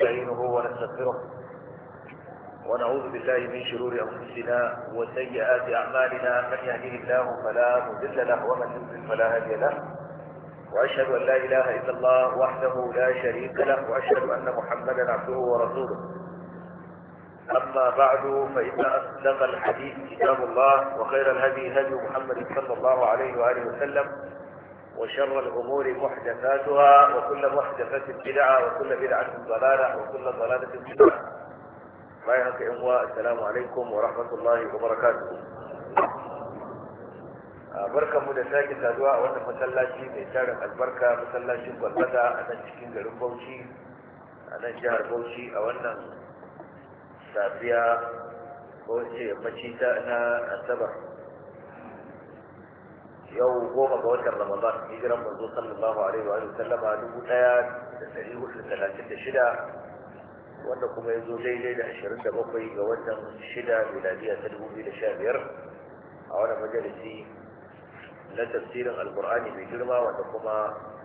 نستعينه ونستغفره ونعوذ بالله من شرور أنفسنا وسيئات أعمالنا من يهديه الله فلا مذل له ومن يضلل فلا هادي له وأشهد أن لا إله إلا الله وحده لا شريك له وأشهد أن محمدا عبده ورسوله أما بعد فإن أصدق الحديث كتاب الله وخير الهدي هدي محمد صلى الله عليه وآله وسلم وشر الأمور محدثاتها وكل محدثة بدعة وكل بدعة ضلالة وكل ضلالة في النار بايعك إخوة السلام عليكم ورحمة الله وبركاته barkan mu da saki saduwa a wannan masallaci mai tarin albarka masallacin gwalbata a nan cikin garin bauchi a nan jihar bauchi a wannan safiya ko ce na asabar yau goma ga watan ramadan hijiran manzo sallallahu alaihi wa sallama dubu daya da dari hudu talatin da shida wanda kuma ya zo daidai da ashirin da bakwai ga watan shida miladiya ta dubu biyu da sha biyar a wani majalisi na tafsirin alkur'ani mai girma wanda kuma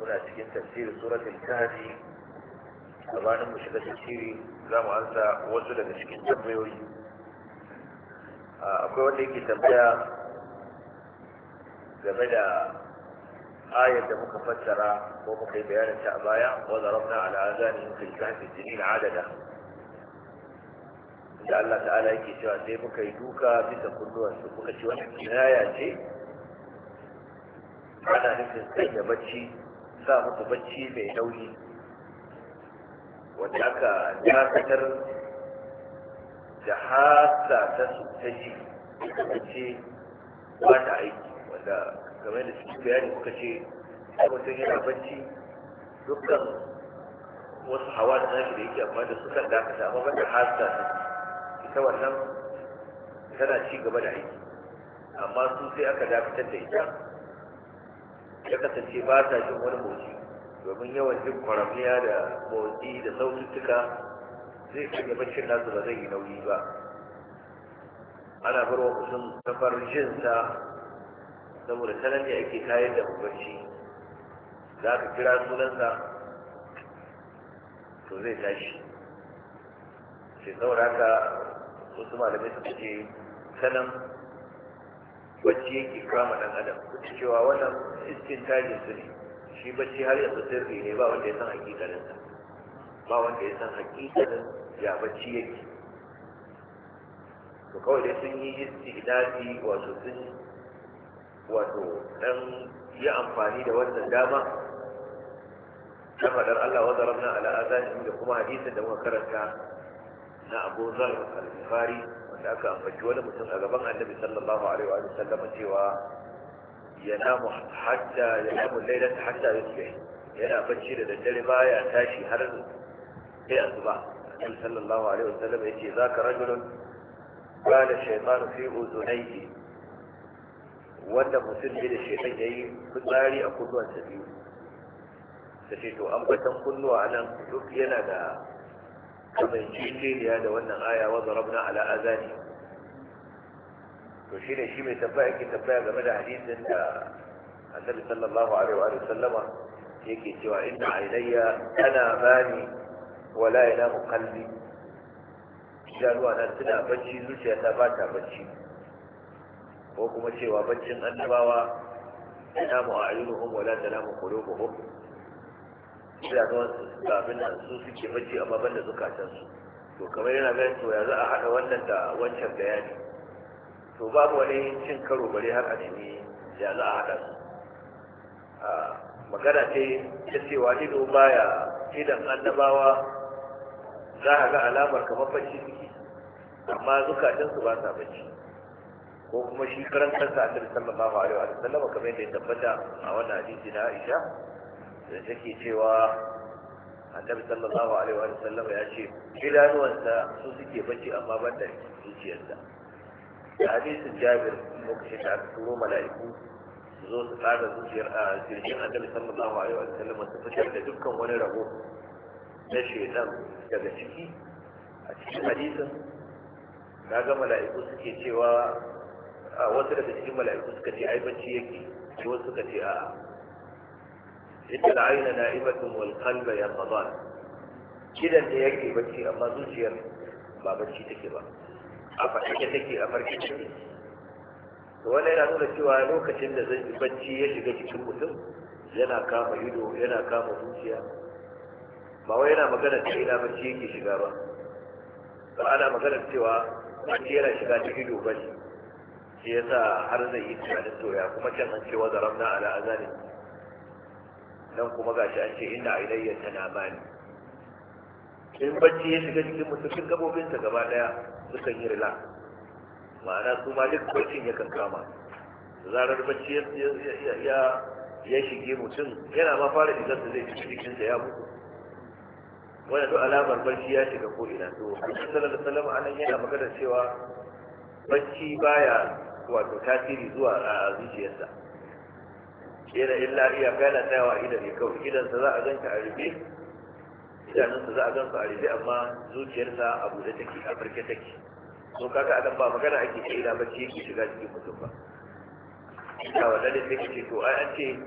muna cikin tafsirin suratul kahfi gabanin mu shiga tafsiri za mu ansa wasu daga cikin tambayoyi akwai wanda yake tambaya game da ayar da muka fassara ko muka yi bayanin ta a baya wa zarabna ala azani fil kahfi sinin adada da Allah ta'ala yake cewa sai muka yi duka bisa kulluwarsu muka ce wannan kinaya ce ana nufin sanya bacci sa musu bacci mai nauyi wanda aka dakatar da hasa ta su ta ji ce ba ta aiki da game da suke bayani kuka ce mutum yana bacci dukkan wasu hawa da nashi da yake amma da su kan dakata amma ban banda hasa ita wannan tana ci gaba da aiki amma su sai aka dakatar da ita ya kasance ba ta jin wani motsi domin yawan jin kwaramiya da motsi da saututtuka zai gaba cin nasu ba zai yi nauyi ba ana barwa kusan kafar jinsa saboda sanar ne ake kayar da bacci za ka kira sunansa to zai tashi sai saboda haka wasu malamai suka ce sanan nan bacci yake kama dan adam duk cewa wannan iskin tajin su ne shi bacci har yanzu sirri ne ba wanda ya san sa ba wanda ya san hakikalin ya bacci yake to kawai dai sun yi istidafi wato sun wato dan yi amfani da wannan dama ta faɗar Allah wa zarabna ala azanihim da kuma hadisin da muka karanta na Abu Zar al-Bukhari wanda aka ambaci wani mutum a gaban Annabi sallallahu alaihi wa sallam cewa yana hatta yanamu lailata hatta yusbih yana bacci da daddare baya tashi har sai asuba Annabi sallallahu alaihi wa sallam yace zaka rajulun qala shaytanu fi udunayhi wanda mutum ne da shaitan ya yi fitsari a kunnuwansa biyu ta ce to ambatan kunnuwa a nan duk yana da jiniya da wannan aya wa zarabna ala azani to ne shi mai tabbaya ke tabbaya game da hadisin da annabi sallallahu alaihi wa sallama yake cewa inna ainiya ana bani wa la ilaha qalbi idanuwa na suna bacci zuciya ta bata bacci ko kuma cewa baccin annabawa tanamu a ayyunuhum wala talamu qulubuhum sai ga abin nan su suke bacci amma banda zukatan su to kamar yana ganin to ya za a hada wannan da wancan bayani to babu wani cin karo bare har a nemi ya za a hada su magana ce ta cewa ido baya idan annabawa za a ga alamar kamar bacci suke amma su ba sa bacci ko kuma shi karan da annabi sallallahu alaihi wa sallam kamar yadda ya tabbata a wannan hadisi na Aisha da take cewa annabi sallallahu alaihi wa sallam ya ce idanuwansa su suke bacci amma ban da zuciyarsa da hadisin Jabir lokacin da aka turo mala'iku su zo su tsara zuciyar a jirgin annabi sallallahu alaihi wa sallam su fitar da dukkan wani rabo na nan daga ciki a cikin hadisin ga mala'iku suke cewa wasu daga cikin mala'iku suka ce ai bacci yake shi wasu suka ce a'a inda al'ayna na'imatun wal qalba yaqdan kidan da yake bacci amma zuciyar ba bacci take ba a farke take a farkin take to wannan yana nuna cewa lokacin da zai bacci ya shiga cikin mutum yana kama ido yana kama zuciya ba wai yana magana ta ina bacci yake shiga ba ba ana magana cewa bacci yana shiga ta ido ba shi ya sa har zai yi tunanin doya kuma can an ce wazara na ala azanin nan kuma gashi an ce ina ilayya ta bani. in bacci ya shiga jikin mutum gabobinsa gaba daya sukan yi rila ma'ana su ma duk baccin kan kama zarar bacci ya shige mutum yana ma fara da zai ci jikinsa ya mutu wani duk alamar barci ya shiga ko ina to annabi sallallahu alaihi wasallam anan yana magana cewa bacci baya wato tasiri zuwa a zuciyarsa kera illa iya kana tsayawa idan ne kawai idansa za a ganta a rufe idanunsa za a ganta a rufe amma zuciyarsa a buɗe take a farke take so kaka a ba magana ake ce ina bacci yake shiga cikin mutum ba ina wa ne sai ce to ai an ce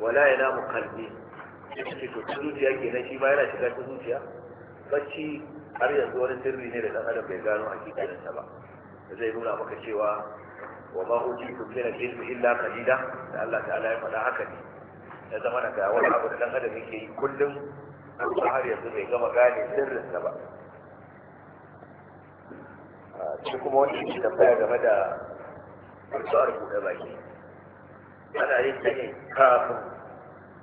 wala ya namu kalbi sai kace to zuciya kenan shi ma yana shiga cikin zuciya bacci har yanzu wani sirri ne da dan adam bai gano hakikalinsa ba zai nuna maka cewa wa ma utitu min al-ilmi illa qalila da Allah ta'ala ya faɗa haka ne ya zama da ga wani abu da dan adam yake yi kullum ba har yanzu bai gama gane sirrin sa ba shi kuma wani yake tambaya game da addu'ar buɗe baki ana yin ta ne kafin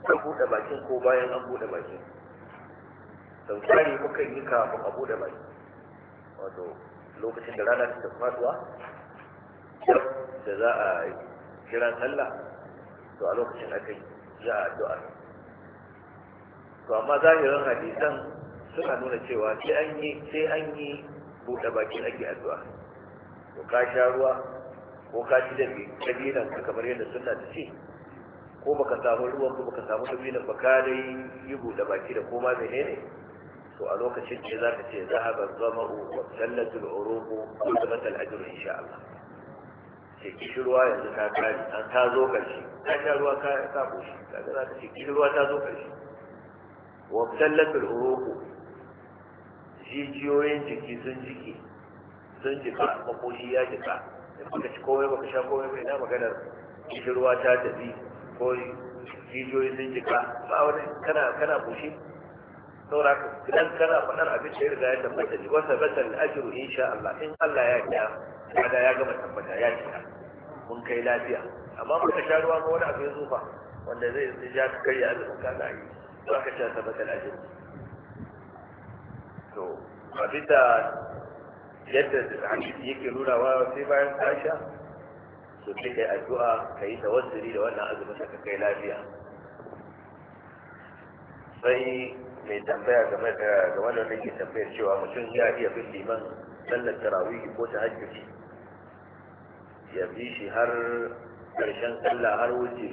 an buɗe bakin ko bayan an buɗe bakin sau tsari mukan yi kafin a buɗe baki wato lokacin da rana ta faduwa da za a kira sallah to a lokacin aka za a addu'a to amma zahirin hadisan suna nuna cewa sai an yi sai an yi buɗe baki ake addu'a to ka sha ruwa ko ka ci da kabilan ka kamar yadda sunna ta ce ko baka samu ruwan ko baka samu kabilan ba ka dai yi buɗe baki da koma menene ne to a lokacin ne za ka ce zahaba zama'u wa sallatul uruqu wa tabatal ajru insha Allah ce kishirwa yanzu ta kare an ta zo karshe ta sha ruwa ka ka koshi kaga za ka ce kishirwa ta zo karshe wa sallatul uruqu jijiyoyin jiki sun jiki sun jika makoshi ya jika in baka ci komai baka sha komai bai na maganar kishirwa ta tafi ko jijiyoyi sun jika ba wani kana kana koshi saura ka dan kana faɗar abin da ya riga ya tabbata ne wasa batal ajru insha Allah in Allah ya kiya kada ya gama tabbata ya kiya mun kai lafiya amma muka sha ruwa wani abin zufa wanda zai ja ka karya azumin ka da yi za ka sha tabbatar ajru to abin da yadda hadisi yake nuna wa sai bayan ka sha to sai kai addu'a kai tawassuli da wannan azumin ka kai lafiya sai mai tambaya game da wanda nake tambayar cewa mutum ya iya bin liman sallar tarawih ko ta hajji. ya bi shi har karshen sallah har wuce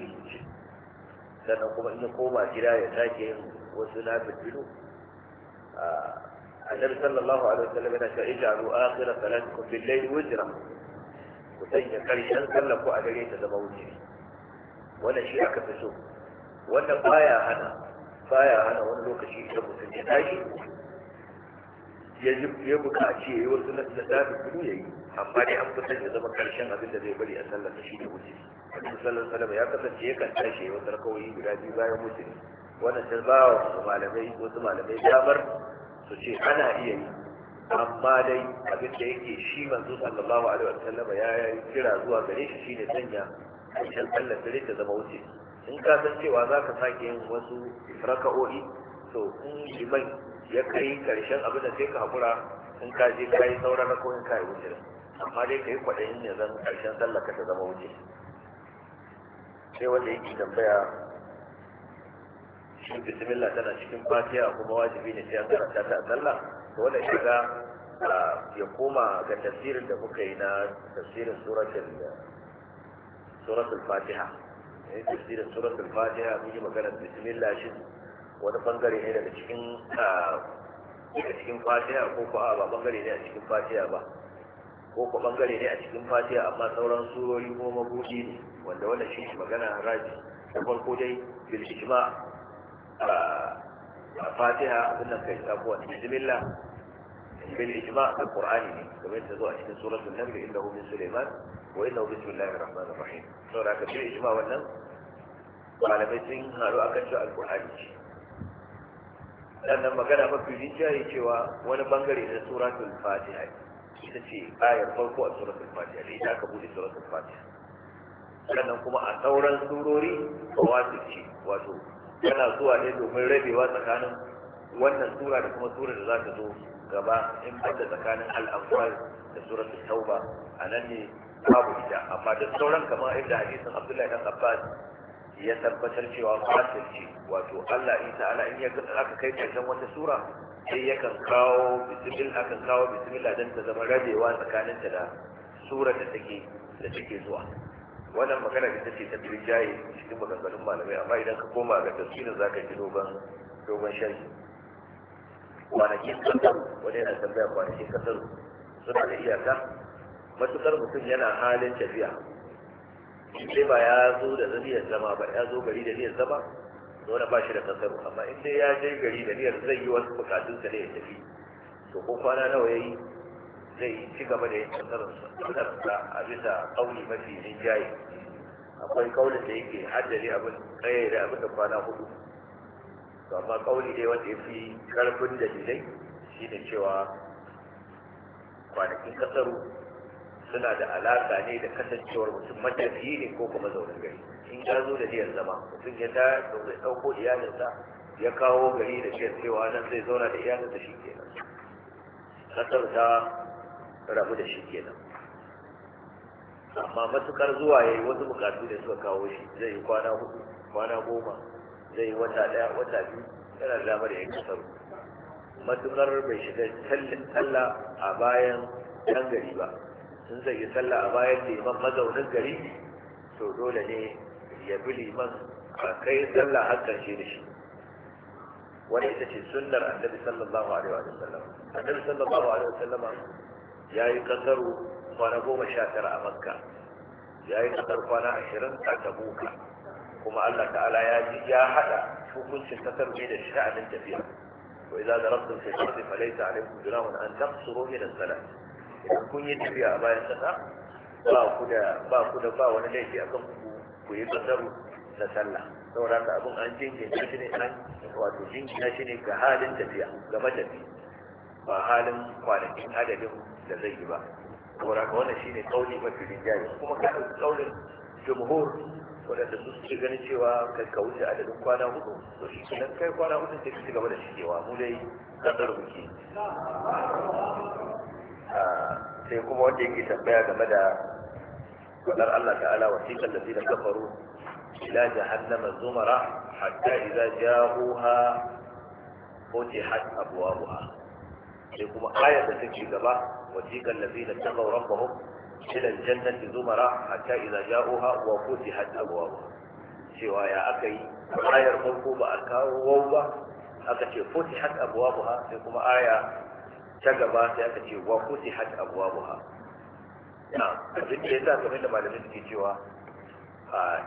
sannan kuma in koma gida ya sake yin wasu na A annabi sallallahu alaihi wasallam yana cewa ijaru akhira salatukum bil layl wajra ku sanya karshen sallar ku a dare ta zama wuce wannan shi aka fi so wannan baya hana baya hana wani lokaci idan mutum ya tashi ya buƙaci ya yi wasu na dafi kudu ya yi amma dai an fitar ya zama karshen abin da zai bari a sallar shi da wuce annabi sallar alaihi ya kasance ya kan tashi ya wasu rakawoyi guda biyu bayan wuce wannan ta ba wa malamai wasu malamai damar su ce ana iya yi amma dai abin da yake shi manzo sallallahu alaihi wasallam ya kira zuwa gare shi shine sanya karshen sallar dare ta zama wuce in ka san cewa za ka sake yin wasu raka'o'i to in liman ya kai karshen abin da sai ka haƙura in ka je ka yi sauran raka'o'in ka yi wuce amma dai ka yi kwaɗayin ne zan karshen sallah ka ta zama wuce sai wanda yake tambaya shi bismillah tana cikin fatiha kuma wajibi ne sai an karanta ta a sallah to wanda shiga ya koma ga tafsirin da muka yi na tafsirin suratul suratul fatiha ya yi tafsirin suratul fatiha mun yi maganar bismillah shi wani bangare ne daga cikin daga cikin fatiha ko ko ba bangare ne a cikin fatiha ba ko ko bangare ne a cikin fatiha amma sauran surori ko mabuɗi ne wanda wannan shi magana raji da farko dai bil ijma a fatiha abin nan kai bismillah bil al-qur'ani ne kamar yadda zo a cikin suratul min sulaiman wa inna bismillahir rahmanir rahim saboda ka ce ijma wannan malamai sun haru akan cewa alqur'ani ce sannan magana mafi rinjaye cewa wani bangare na suratul fatiha ita ce ayar farko a suratul fatiha da ita aka bude suratul fatiha sannan kuma a sauran surori wasu ce wato yana zuwa ne domin rabewa tsakanin wannan sura da kuma sura da za ta zo gaba in banda tsakanin al'amfal da suratul tauba a nan ne babu ita amma duk sauran kamar inda hadisin abdullahi dan abbas ya tabbatar cewa fasil ce wato allah in ta'ala in ya aka kai karshen wata sura sai yakan kawo bismillah akan kawo bismillah dan ta zama rabewa tsakanin ta da surar da take da take zuwa wannan magana ita ce ta birjaye cikin maganganun malamai amma idan ka koma ga tafsirin zaka ji dogon dogon sharhi kwanakin kasar wani yana tambaya kwanakin kasar suna da iyaka matukar mutum yana halin tafiya sai ba ya zo da zaniyar zama ba ya zo gari da niyar zama dole ba shi da kasaro amma in dai ya je gari da niyar zai yi wasu bukatunsa ne ya tafi to ko kwana nawa ya yi zai ci gaba da yin kasararsa a bisa kauli mafi rinjaye akwai kaulin da yake haddari abin tsaye da abin da kwana hudu to amma kauli dai wanda ya fi karfin dalilai shine cewa kwanakin kasaru suna da alaka ne da kasancewar mutum matafiye ne ko kuma zaunin gari in ya zo da niyyar zama mutum ya ta da ɗauko iyalinsa ya kawo gari da shi cewa nan zai zauna da iyalinsa shi kenan kasar ta rabu da shi kenan amma matukar zuwa ya yi wasu bukatu da suka kawo shi zai yi kwana hudu kwana goma zai yi wata daya wata biyu yana da damar ya yi kasar matukar bai shiga talla a bayan ɗan gari ba in zai yi sallah a bayan liman mazaunin gari to dole ne ya bi liman a kai sallah har ƙarshe da shi wani ita ce sunnar annabi sallallahu alaihi wa sallam annabi sallallahu alaihi wa sallam ya yi kasaru kwana goma sha tara a makka ya yi kasar kwana ashirin a tabuka kuma allah ta'ala ya ji ya haɗa hukuncin kasar ne da sha'anin tafiya وإذا ضربتم في الأرض فليس عليكم جناح أن تقصروا من الصلاة kun yi tafiya a bayan kasa ba ku da ba ku da ba wani laifi kan ku ku yi kasaru na sallah saboda da abin an jingina shi ne an wato jingina shi ne ga halin tafiya ga matafi ba halin kwanakin adadin da zai yi ba saboda ka wannan shine kauli mafi rinjaye kuma ka ɗauki kaulin jumhur waɗanda su suke ganin cewa kai ka wuce adadin kwana hudu to shi kenan kai kwana hudu sai ka ci gaba da shigewa mu dai ƙasar muke sai kuma wanda yake tambaya game da wadar Allah ta'ala da ladina kafaru ila jahannama zumara hatta idza ja'uha futihat abwabuha sai kuma ayar da take gaba wasiqal ladina tagaw rabbahum ila aljannati zumara hatta idza ja'uha wa futihat abwabuha cewa ya akai ayar farko ba a kawo wau ba aka ce futihat abwabuha sai kuma aya ta gaba sai aka ce wa kuti hat abwabuha na abin da sa kamar da malamin suke cewa a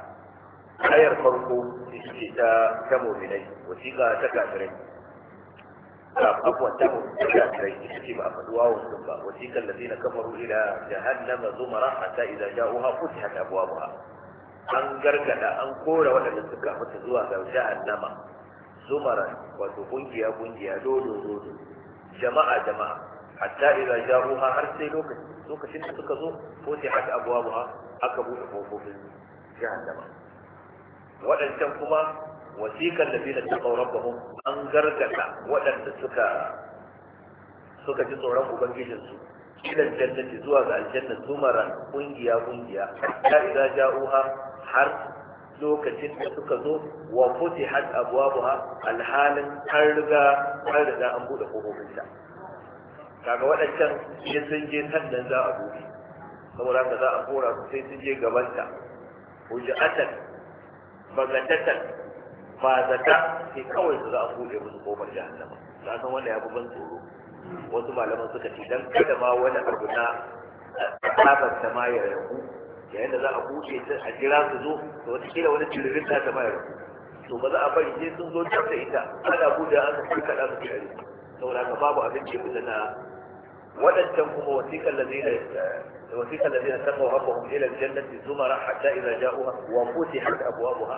ayar farko suke ta tamo ta mu'minai wasiqa ta kafirai afwan ta kafirai ce ba a faɗi wa wasu ba wasiqan ladina kafaru ila jahannama zumara hatta idza ja'uha futihat buha. an gargada an kora waɗanda suka mutu zuwa ga jahannama zumara wato kungiya kungiya dodo dodo jama'a jama'a hatta idan ja'uha har sai lokacin lokacin da suka zo ko sai haka abuwa aka buɗe kofofin jahannama waɗancan kuma wasiƙar da fi ta ta rabbahum an gargada waɗanda suka suka ji tsoron ubangijinsu ilan jannati zuwa ga aljanna zumaran ƙungiya-ƙungiya, ta idza ja'uha har lokacin da suka zo wa futihat abwabuha alhalin an riga an riga an bude kofofinta kaga waɗancan sai sun je sannan za a buɗe saboda haka za a kora su sai sun je gabanta hujjatan bagatatan ba zata sai kawai su za a buɗe musu ƙofar jahannama ka san wanda ya fi ban tsoro wasu malaman suka ce dan kada ma wani abu na tsabar ta ma ya rabu yayin da za a buɗe ta a jira su zo da wata kila wani tiririn ta ta bayar to ba za a bari sai sun zo can da ita ana buɗe an ka kai kaɗa su tare saboda ka babu abin ce da na waɗancan kuma wasiƙar da zai وفيك الذين اتقوا ربهم الى الجنه زمرا حتى اذا جاءوها وفتحت ابوابها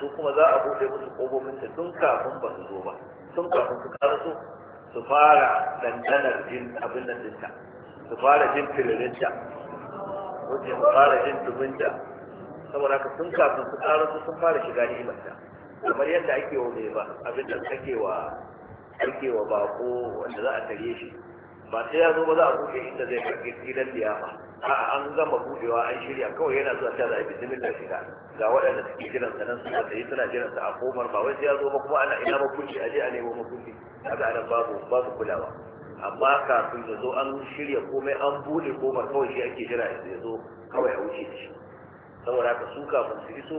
su kuma za a buɗe musu ƙofofinta tun kafin ba su zo ba tun kafin su karasu su su fara dandanar jin abin nan dinta su fara jin firirinta wuce mu fara jin da saboda ka sun kafin su ƙara su sun fara shiga ni'imarta kamar yadda ake wa mai ba abin da ake wa ake wa bako wanda za a tare shi ba sai ya zo ba za a buɗe inda zai karɓi gidan ba. a an gama buɗewa an shirya kawai yana zuwa ta zai bizimin da shiga ga waɗanda suke jiran sanan nan suka tsaye suna jiran sa a komar ba wai sai ya zo ba kuma ana ina makunci a je a nemo makunci kaga anan babu babu kulawa amma kafin ya zo an shirya komai an bude komar kawai shi ake jira ya zo kawai a wuce shi saboda haka su kafin su iso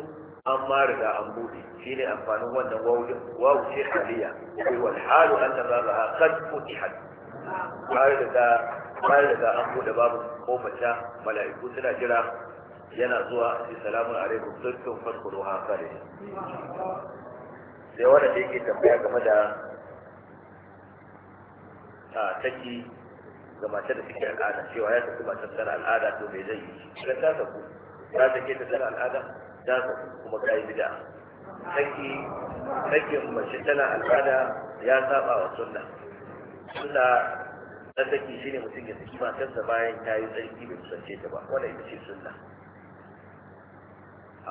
an ma riga an bude shi ne amfanin wannan wawudin wawu ce haliya kai wal halu an da zaba ha kad futihat bayan riga bayan da an bude babu kofata mala'iku suna jira yana zuwa sai salamun alaikum sun tun faskuruha kare sai wanda yake tambaya game da take ga mace da take al'ada cewa ya tafi matar tana al'ada to bai zai yi idan ta saku ta take ta tana al'ada ta saku kuma ka yi bida take take mace tana al'ada ya saba wa sunna sunna ta take shine mutum ya saki matarsa bayan ta yi tsarki bai kusance ta ba wanda ya ce sunna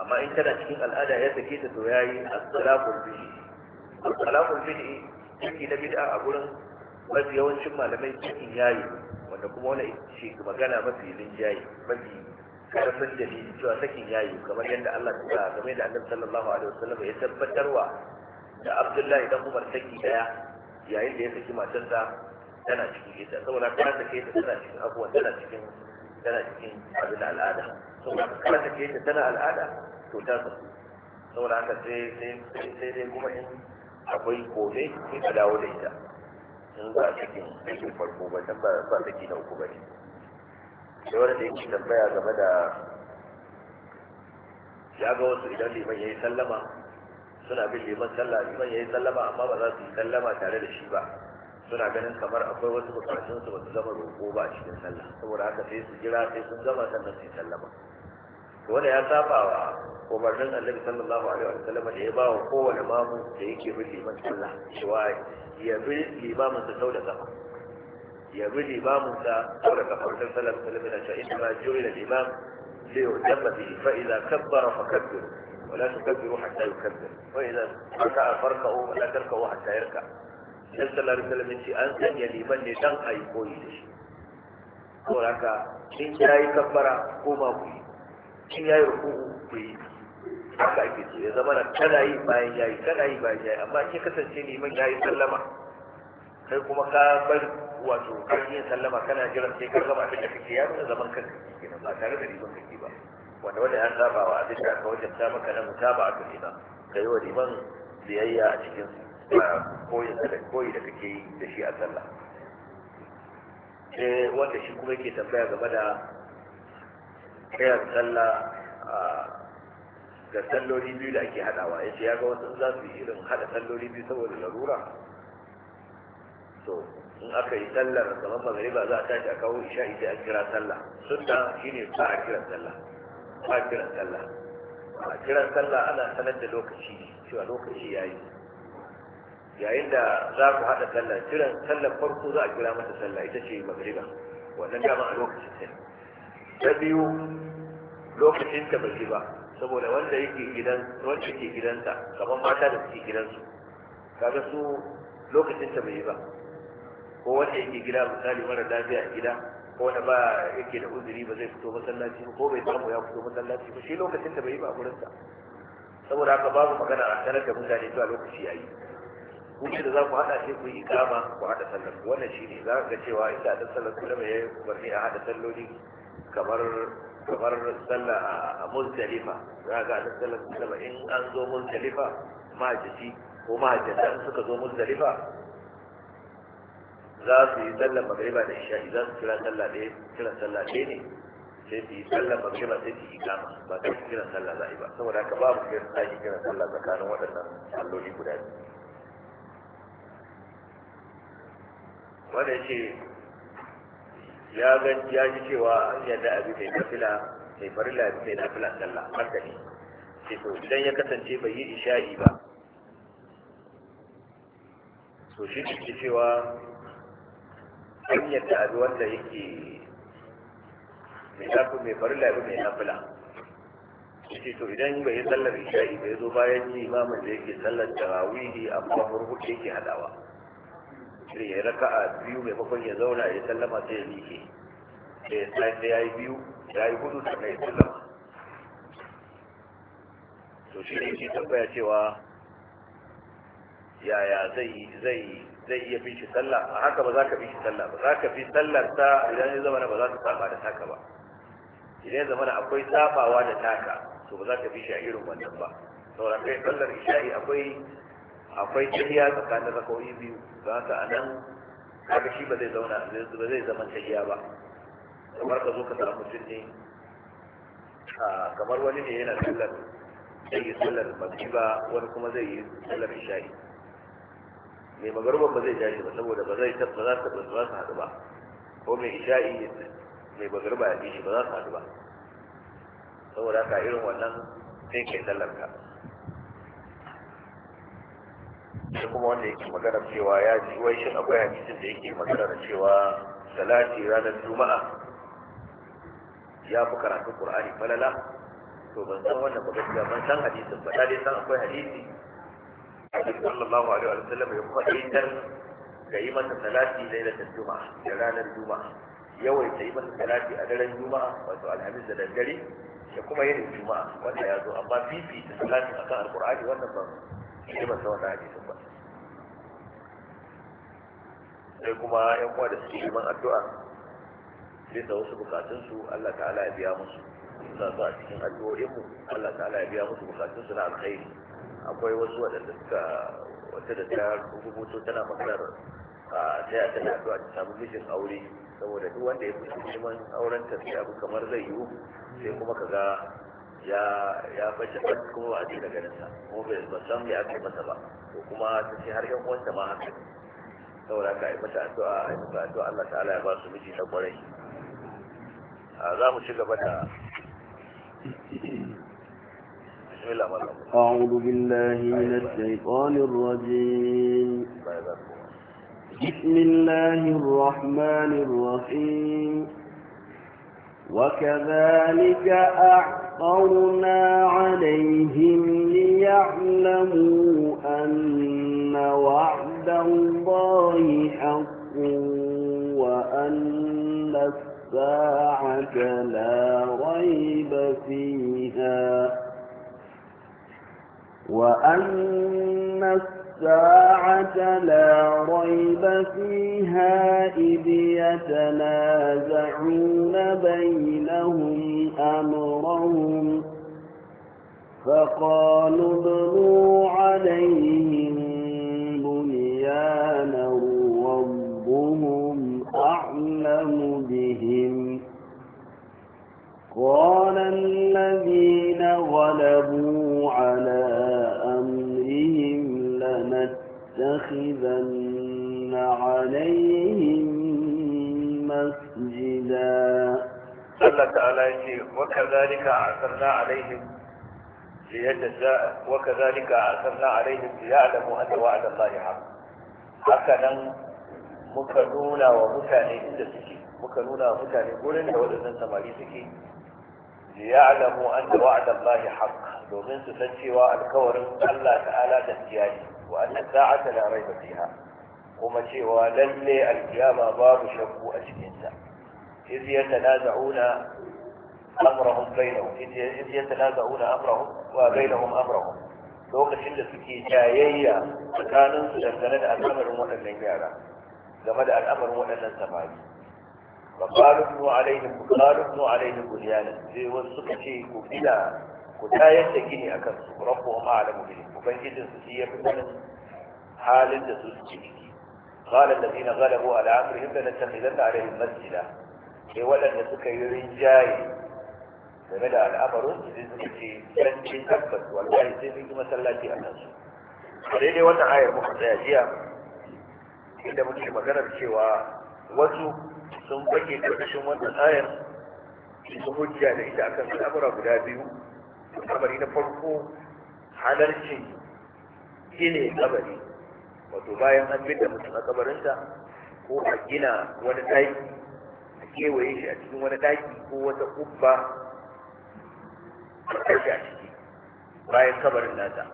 amma in tana cikin al'ada ya sake ta to yayi as-salatu bihi as-salatu bihi take na bid'a a gurin mafi yawancin malamai cikin yayi wanda kuma wani ce magana mafi linjayi mafi karfin dalili cewa sakin yayi kamar yadda Allah ta game da Annabi sallallahu alaihi wasallam ya tabbatarwa da Abdullahi dan Umar saki daya yayin da ya saki matarsa tana cikin ita saboda ta sake ta tana cikin abuwa tana cikin tana cikin abin al'ada saboda kana sake ta tana al'ada to ta saku saboda haka sai sai sai kuma in akwai kome sai ka dawo da ita in ba a cikin cikin farko ba dan ba ba na uku ne da wanda da yake tambaya game da ya ga wasu idan liman ya yi sallama suna bin liman sallah liman ya yi sallama amma ba za su yi sallama tare da shi ba suna ganin kamar akwai wasu bukatunsu su ba su zama roƙo ba a cikin sallah saboda haka sai su jira sai sun gama sannan su yi sallama wanda ya saba wa umarnin annabi sallallahu alaihi wa sallam da ya ba wa kowane mamu da yake bin liman Allah cewa ya bi limamin sa sau da kafa ya bi limamin sa sau da kafa wajen sallar sallam yana cewa inna ma ju'ila al-imam li yutamma bihi fa idza kabbara fa kabbiru wa la tukabbiru hatta yukabbir wa idza raka'a farka'u wa la tarka'u hatta yarka' dan sallar sallam an sanya liman ne dan ayi koyi da shi ko raka in yayi kabbara ko ba ku in yayi rukuku ku yi haka ake ce ya zama na kana yi bayan yayi kana yi bayan yayi amma ke kasance ya yayi sallama kai kuma ka bar wato kan yin sallama kana jiran sai ka gama abin da kake ya nuna zaman kanka nan ba tare da liman kake ba wanda wanda an saba wa abin da aka wajen ta maka na mutaba a ka kai wa liman biyayya a cikin koyi da koyi da kake yi da shi a sallah sai eh, wanda shi kuma yake tambaya game da tsayar sallah ga salloli biyu da ake haɗawa ya ce ya ga wasu za su yi irin haɗa salloli biyu saboda larura to in aka yi sallar kamar magariba za a tashi a kawo isha ita a kira sallah sunna shine ba a kiran sallah ba a kiran sallah a kiran sallah ana sanar da lokaci cewa lokaci ya yi yayin da za ku haɗa sallah kiran sallar farko za a kira mata sallah ita ce magariba wannan dama a lokacin sai ta biyu lokacin ta bai ba saboda wanda yake gidan wanda yake gidansa kamar mata da suke gidansu kaga su lokacin ta bai ba ko wanda yake gida misali mara lafiya a gida ko wanda ba yake da uzuri ba zai fito masallaci ko bai samu ya fito masallaci ba shi lokacin ta bai ba a gurinsa saboda haka babu magana a sanar da mutane zuwa lokaci yayi kuma da za ku haɗa sai ku yi ikama ku haɗa sallar wannan ne, za ka ga cewa ita da sallar kullum yayi barni a haɗa salloli kamar kamar sallah a muzdalifa za ga da sallar sallama in an zo muzdalifa majici ko majatan suka zo muzdalifa za su yi sallar magriba da isha za su kira sallah ɗaya kira sallah ɗaya ne sai su yi sallar magriba sai su yi kama ba sai su kira sallah za'i ba saboda haka babu kira sallah kira sallah tsakanin waɗannan alloli guda biyu wanda ya ce ya ga ya ji cewa yadda abin mai nafila mai farilla mai nafila sallah haka ne sai to idan ya kasance bai yi isha'i ba to shi ke cewa an yadda abin wanda yake mai nafi mai farilla mai fila shi to idan bai yi sallar isha'i bai zo bayan yi imamin da yake sallar tarawihi amma hurhuɗe yake hadawa wutri ya raka a biyu mai bakon ya zauna ya sallama sai ya miƙe sai ya yi biyu ya yi hudu sai ya sallama to shi ne shi tambaya cewa yaya zai zai zai iya bin shi sallah a haka ba za ka bin shi sallah ba za ka bi sallar ta idan ya zama ba za ka saba da taka ba idan ya zama akwai sabawa da taka to ba za ka bi shi a irin wannan ba saboda kai sallar isha'i akwai akwai kiriya tsakanin rakawoyi biyu ba ka a nan kaga shi ba zai zauna ba zai zama kiriya ba kamar ka zo ka samu mutum ne kamar wani ne yana tsallar zai yi sallar ba wani kuma zai yi tsallar shayi mai magarban ba zai ja ba saboda ba zai ba za su su haɗu ba ko mai shayi mai magarba ya shi ba za su haɗu ba saboda ka irin wannan sai kai tsallar ka sai kuma wanda yake magana cewa ya ji wai shin akwai hadisin da yake magana cewa salati ranar juma'a ya fi karatun qur'ani falala to ban san wannan ba gaskiya ban san hadisin ba dai san akwai hadisi Annabi sallallahu alaihi wa sallam ya kuma dan da yi masa salati lailatul juma'a da ranar juma'a yawai ta yi masa salati a daren juma'a wato alhamis da daddare ya kuma yin juma'a wanda ya zo amma fifi ta salati akan alqur'ani wannan ba? shi ba sa wannan hadisin ba sai kuma yan uwa da suke neman addu'a sai bisa wasu bukatunsu Allah ta'ala ya biya musu sa su a cikin addu'o'inmu Allah ta'ala ya biya musu bukatunsu na alkhairi akwai wasu waɗanda suka wata da ta rubuto tana maganar a taya tana addu'a ta samu mijin aure saboda duk wanda ya fi neman auren ta sai abu kamar zai yiwu sai kuma ka ga ya bashi an kuma a cikin ganinsa ko bai san ya ake masa ba ko kuma ta ce har yan uwansa ma haka saboda ka yi masa addu'a a yi masa addu'a Allah ta'ala ya ba su miji na kwarai za mu ci gaba da أعوذ بالله من الشيطان الرجيم بسم الله الرحمن الرحيم وكذلك أعلم وَأَثَرْنَا عَلَيْهِمْ لِيَعْلَمُوا أَنَّ وَعْدَ اللَّهِ حَقٌّ وَأَنَّ السَّاعَةَ لَا رَيْبَ فِيهَا وَأَنَّ الساعة الساعة لا ريب فيها إذ يتنازعون بينهم أمرهم فقالوا ابنوا عليهم بنيانا ربهم أعلم بهم قال الذين غلبوا على لَأَتَّخِذَنَّ عَلَيْهِمْ مَسْجِدًا الله تعالى يقول وكذلك أعثرنا عليهم ليجزاء وكذلك أعثرنا عليهم ليعلموا أن وعد الله حق هكذا muka nuna wa mutane inda suke muka nuna wa mutane gurin da waɗannan samari suke da ya alamu an da wa'adallahi domin su san cewa alkawarin Allah ta'ala da ne wa anna sa'ata la raiba fiha kuma cewa lalle alkiyama babu shakku a cikin ta iz yatanaza'una amrahum bainahum iz yatanaza'una amrahum lokacin da suke jayayya tsakanin su dangane da al'amarin waɗannan yara game da al'amarin waɗannan samari فقالوا ابنوا عليهم فقالوا ابنوا عليهم بنيانا sai wasu suka ku tayar da gini akan su rabbuhum a'lamu bihim ubangijin su shi fi sanin halin da su suke ciki qala allazina ghalabu ala amrihim lanattakhidanna alaihim masjida sai waɗanda suka yi rinjaye game da al'amarin su sai suka tabbas wallahi sai sun yi masallaci a kansu daidai wannan ayar muka jiya inda muke maganar cewa wasu sun fage ƙarƙashin wannan ayar su hujja da ita akan al'amura guda biyu kabari na farko halarci gine kabari wato bayan an binda mutum a kabarinsa ko a gina wani daki a kewaye shi a cikin wani daki ko wata kubba a shi a ciki bayan kabarin nata.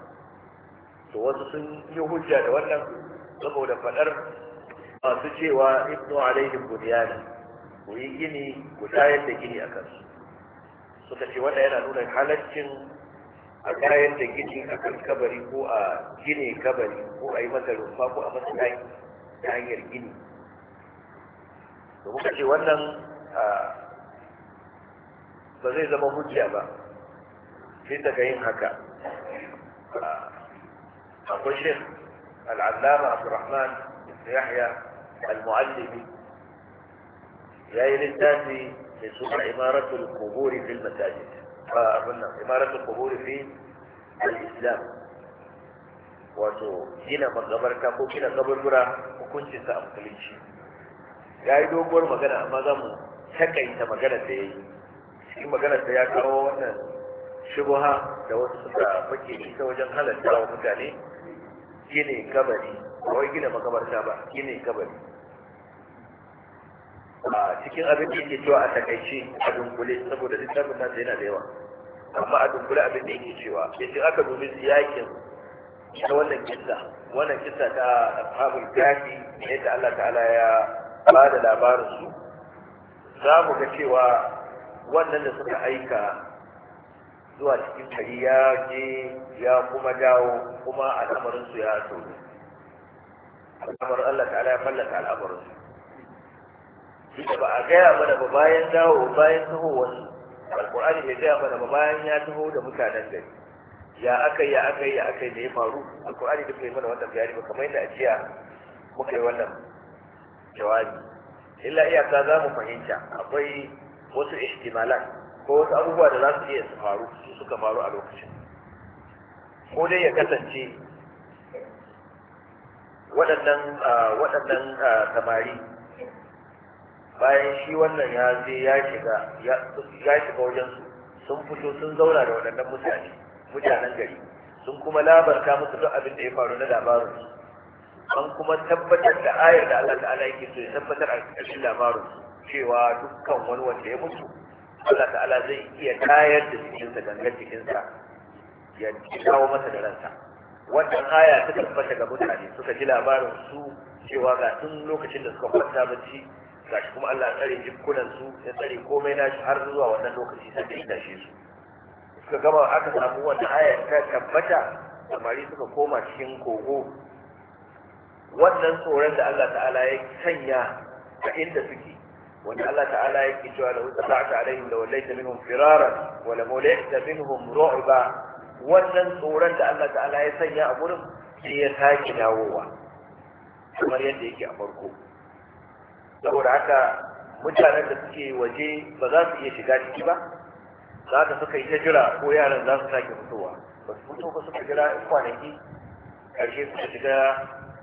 to wasu sun yi hujja da wannan saboda faɗar masu cewa ibnu alaihim bunyani ku yi gini ku tayar da gini a kansu suka ce wannan yana nuna halaccin a kayan da gini a kan kabari ko a gine kabari ko a yi masa rumfa ko a masa ta hanyar gini da ce wannan ba zai zama hujja ba sai daga yin haka akwai shek al'allama abdurrahman ibn yahya al-mu'allimi ya yi littafi mai suna imaratul kuburi fil masajid ba abin nan imaratul kuburi fi al-islam wato gina magabarta ko gina kaburbura hukuncin sa a musulunci ya yi doguwar magana amma za mu takaita magana da ya yi cikin magana da ya kawo wannan shubuha da wasu suka fake ita wajen halatta wa mutane gine kabari ba wai gina makabarta ba gine kabari a cikin abin da yake cewa a takaice a dunkule saboda littafin nasa yana da yawa amma a dunkule abin da yake cewa yace aka domin yakin ta wannan kisa. wannan kisa ta ashabul da yadda Allah ta'ala ya ba da labarin su za mu ga cewa wannan da suka aika zuwa cikin tari ya je ya kuma dawo kuma al'amarin su ya tsoro al'amarin Allah ta'ala ya fallaka su. duk ba a gaya mana ba bayan dawo bayan taho wasu alkur'ani bai gaya mana ba bayan ya taho da mutanen gari ya aka yi ya aka yi ya aka yi da ya faru alkur'ani duk bai mana wannan bayani ba kamar yadda a jiya muka yi wannan jawabi illa iyaka za mu fahimta akwai wasu ihtimalan ko wasu abubuwa da za su iya su faru su suka faru a lokacin ko dai ya kasance waɗannan ah, waɗannan ah, samari bayan shi wannan ya je ya shiga ya shiga wajen su sun fito sun zauna da waɗannan mutane mutanen gari sun kuma labarta musu duk abin da ya faru na labarin su an kuma tabbatar da ayar da Allah ta'ala yake so ya tabbatar a cikin labarin cewa dukkan wani wanda ya mutu Allah ta'ala zai iya tayar da jikinsa gangan sa ya kawo masa da ransa wannan aya ta tabbata ga mutane suka ji labarin su cewa ga tun lokacin da suka kwanta bacci gashi kuma Allah ya tsare jikunan su ya tsare komai nashi har zuwa wannan lokaci sai da ina shi su suka gama aka samu wannan aya ta tabbata samari suka koma cikin kogo wannan tsoron da Allah ta'ala ya sanya a inda suke wanda Allah ta'ala ya ke cewa lahu ta'ata alaihim la wallaita minhum firara wa la mawlaita minhum ru'ba wannan tsoron da Allah ta'ala ya sanya a gurin sai ya sake dawowa kamar yadda yake a farko saboda haka mutanen da suke waje ba za su iya shiga ciki ba za ka suka yi ta jira ko yaran za su sake fitowa ba su fito ba suka jira in kwanaki ƙarshe ka shiga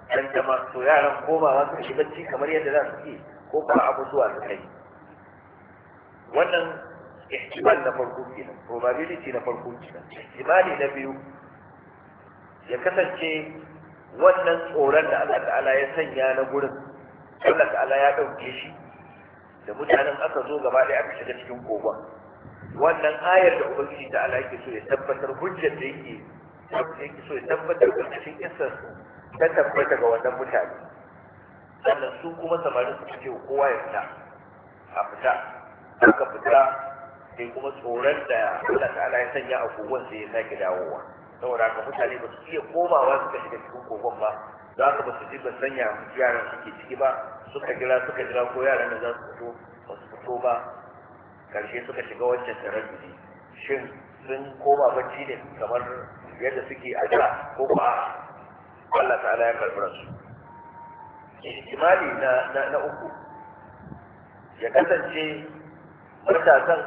dan jama to yaran komawa suka shiga bacci kamar yadda za su ke ko ba abu zuwa su kai wannan ihtimal na farko kenan probability na farko kenan ihtimali na biyu ya kasance wannan tsoron da Allah ta'ala ya sanya na gurin Allah ta'ala ya ɗauke shi da mutanen aka zo gaba ɗaya aka shiga cikin kogon wannan ayar da ubangiji ta ala yake so ya tabbatar hujjar da yake yake so ya tabbatar da cikin su ta tabbata ga wannan mutane sannan su kuma samarin su ce kowa ya fita a fita aka fita sai kuma tsoron da Allah ta'ala ya sanya a kogon sai ya sake dawowa saboda haka mutane ba su iya komawa suka shiga cikin kogon ba za ka basu ji ban sanya yaran suke ciki ba suka jira suka jira ko yaran da za su fito ba su fito ba karshe suka shiga wancan tarabbi shin sun koma bacci ne kamar yadda suke a jira ko ba Allah ta'ala ya karɓi rasu ihtimali na na uku ya kasance matasan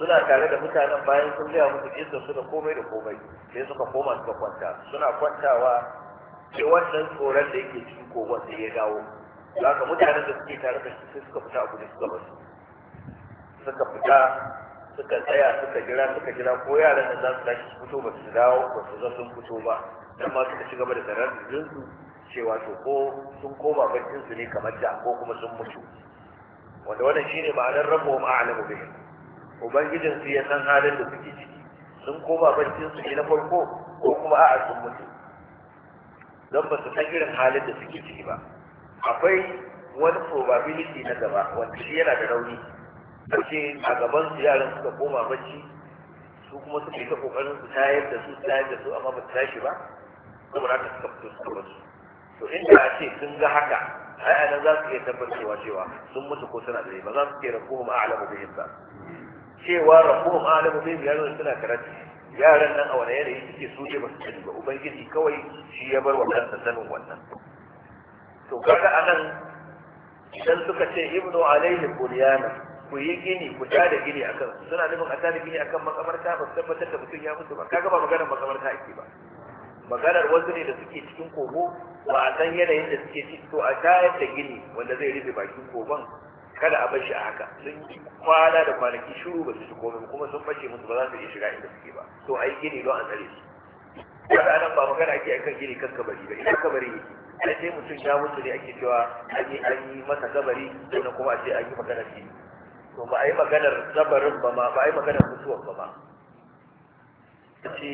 suna tare da mutanen bayan sun gaya musu kinsa su da komai da komai sai suka koma suka kwanta suna kwantawa sai wannan tsoron da yake cikin kogon sai ya dawo haka mutanen da suke tare da shi sai suka fita abu da suka basu suka fita suka tsaya suka jira suka jira ko yaran nan za su tashi su fito ba su dawo ba su zan sun fito ba dan ma suka ci gaba da tsaron jinsu cewa to ko sun koma baccin ne kamar da ko kuma sun mutu wanda wannan shine ma'anar rabbuhum a'lamu bihi ubangijin su ya san halin da suke ciki sun koma barcin su ne na farko ko kuma a'a sun mutu don ba su san irin halin da suke ciki ba akwai wani probability na gaba wanda shi yana da rauni ce a gaban su yaran suka koma bacci su kuma suka yi ta kokarin su tayar da su tayar da su amma ba su tashi ba saboda ta suka fito suka bar su to inda a ce sun ga haka ai a nan za su iya tabbatarwa cewa sun mutu ko suna da ba za su ke rakuhum a'lamu bihim ba cewa rabbuhum alamu bai ya zo suna karatu yaran nan a wani yanayi suke su ba su sani ba ubangiji kawai shi ya bar wa kansa sanin wannan to kaga anan idan suka ce ibnu alaihi buryana ku yi gini ku ta da gini akan suna nufin a ta da gini akan makamarta ba su tabbatar da mutum ya mutu ba kaga ba maganar makamarta ake ba maganar wasu ne da suke cikin kogo ba a san yanayin da suke ciki to a tayar da gini wanda zai rufe bakin kogon kada a bar shi a haka sun yi kwana da kwanaki shuru ba su shi komai kuma sun fashe musu ba za su iya shiga inda suke ba to ai gini don a tsare su kada nan ba magana ake akan gini kan kabari ba ina kabari yake ai sai mutum ya mutu ne ake cewa an yi an yi masa kabari sannan kuma a ce an yi magana shi to ba a yi maganar zabarin ba ma ba a yi maganar mutuwar ba ma ce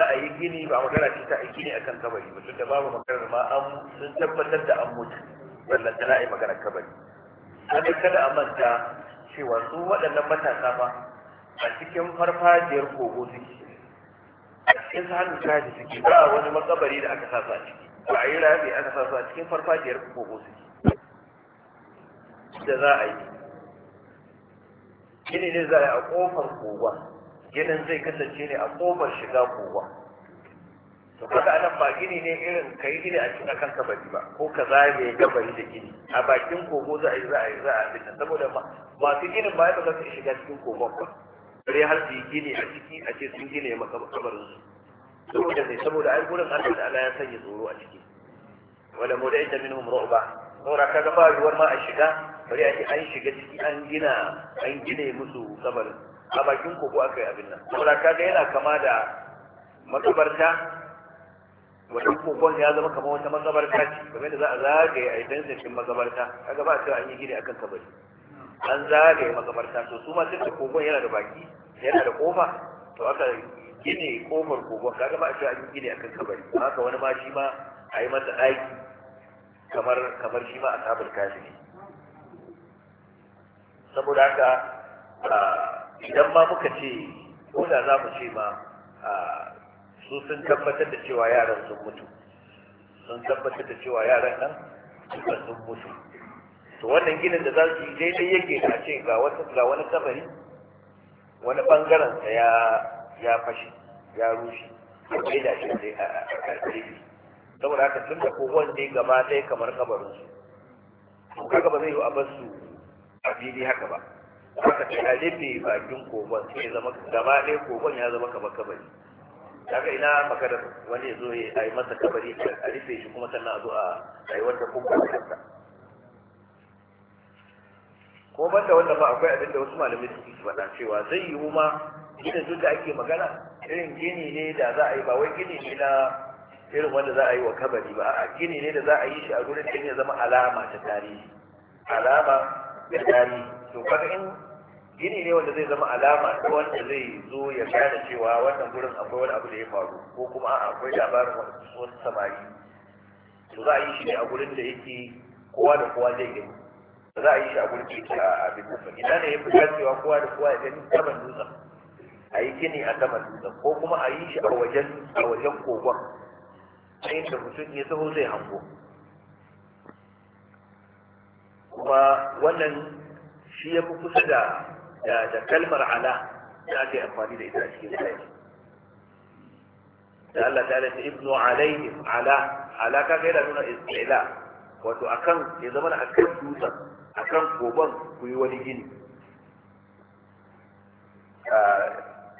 za a yi gini ba magana ce ta aiki ne akan kabari ba tunda babu maganar ma an sun tabbatar da an mutu wannan tana yi maganar kabari sannan kada a manta cewa su waɗannan matasa ba a cikin farfajiyar kogo suke a cikin sahanin kaji suke ba a wani makabari da aka sasa a ciki ba a yi rami aka sasa a cikin farfajiyar kogo suke da za a yi gini ne za a yi a ƙofar kogon ginin zai kasance ne a ƙofar shiga kogon to kaga anan ba gini ne irin kai gini a cikin kan kabari ba ko ka zame gabari da gini a bakin kogo za a yi za a yi za a bita saboda masu ginin ba ya ba su shiga cikin kogon ba bare har su yi gini a ciki a ce sun gine kabarin su saboda ne saboda ai gurin Allah da Allah ya sanya tsoro a ciki wala mudaita minhum ru'ba saboda kaga ba ruwan ma a shiga bare a ce an shiga ciki an gina an gine musu kabarin a bakin kogo aka yi abin nan saboda kaga yana kama da makabarta wani kokon ya zama kamar wata mazabarta ce kuma da za a zagaye a idan zancin mazabarta kaga ba cewa an yi gini akan kabari an zagaye mazabarta to su ma da kokon yana da baki yana da kofa to aka gine kofar kokon kaga ba cewa an yi gini akan kabari haka wani ma shi ma a yi masa ɗaki kamar kamar shi ma a kabar shi ne saboda haka idan ma muka ce ko da za mu ce ma su sun tabbatar da cewa yaran sun mutu sun tabbatar da cewa yaran nan sun mutu to wannan ginin da za su yi daidai yake da ce ga wata ga wani kabari wani bangaren sa ya ya fashi ya rushe ko da shi sai a karfi saboda haka tun da kogon dai gaba sai kamar kabarin su to kaga ba zai yi abin su a fili haka ba haka ta rufe bakin kogon sai zama gaba ɗaya kogon ya zama kamar kabari kaga ina makarar wani ya zo ya yi masa kabari a rufe shi kuma sannan a zo a yi wata kubba kansa ko ban da wanda ba akwai abin da wasu malamai suke faɗa cewa zai yi ma gina duk da ake magana irin gini ne da za a yi ba wai gini ne na irin wanda za a yi wa kabari ba a gini ne da za a yi shi a gurin da ya zama alama ta tarihi alama ta tarihi to kaga in gini ne wanda zai zama alama ko wanda zai zo ya gane cewa wannan gurin akwai wani abu da ya faru ko kuma a akwai labarin wani samari to za a yi shi ne a gurin da yake kowa da kowa zai gani za a yi shi a gurin da yake a abin da ina ne ya fi dacewa kowa da kowa ya gani saman dutsen a yi gini a saman dutsen ko kuma a yi shi a wajen a wajen kogon ta yadda mutum ya taho zai hango kuma wannan shi ya fi kusa da da kalmar ala da aka yi amfani da ita a cikin ayat da Allah ta halatta ibnu alaihim ala ala kaga yana nuna istila wato akan ya zama akan dutsen akan koban ku yi wani gini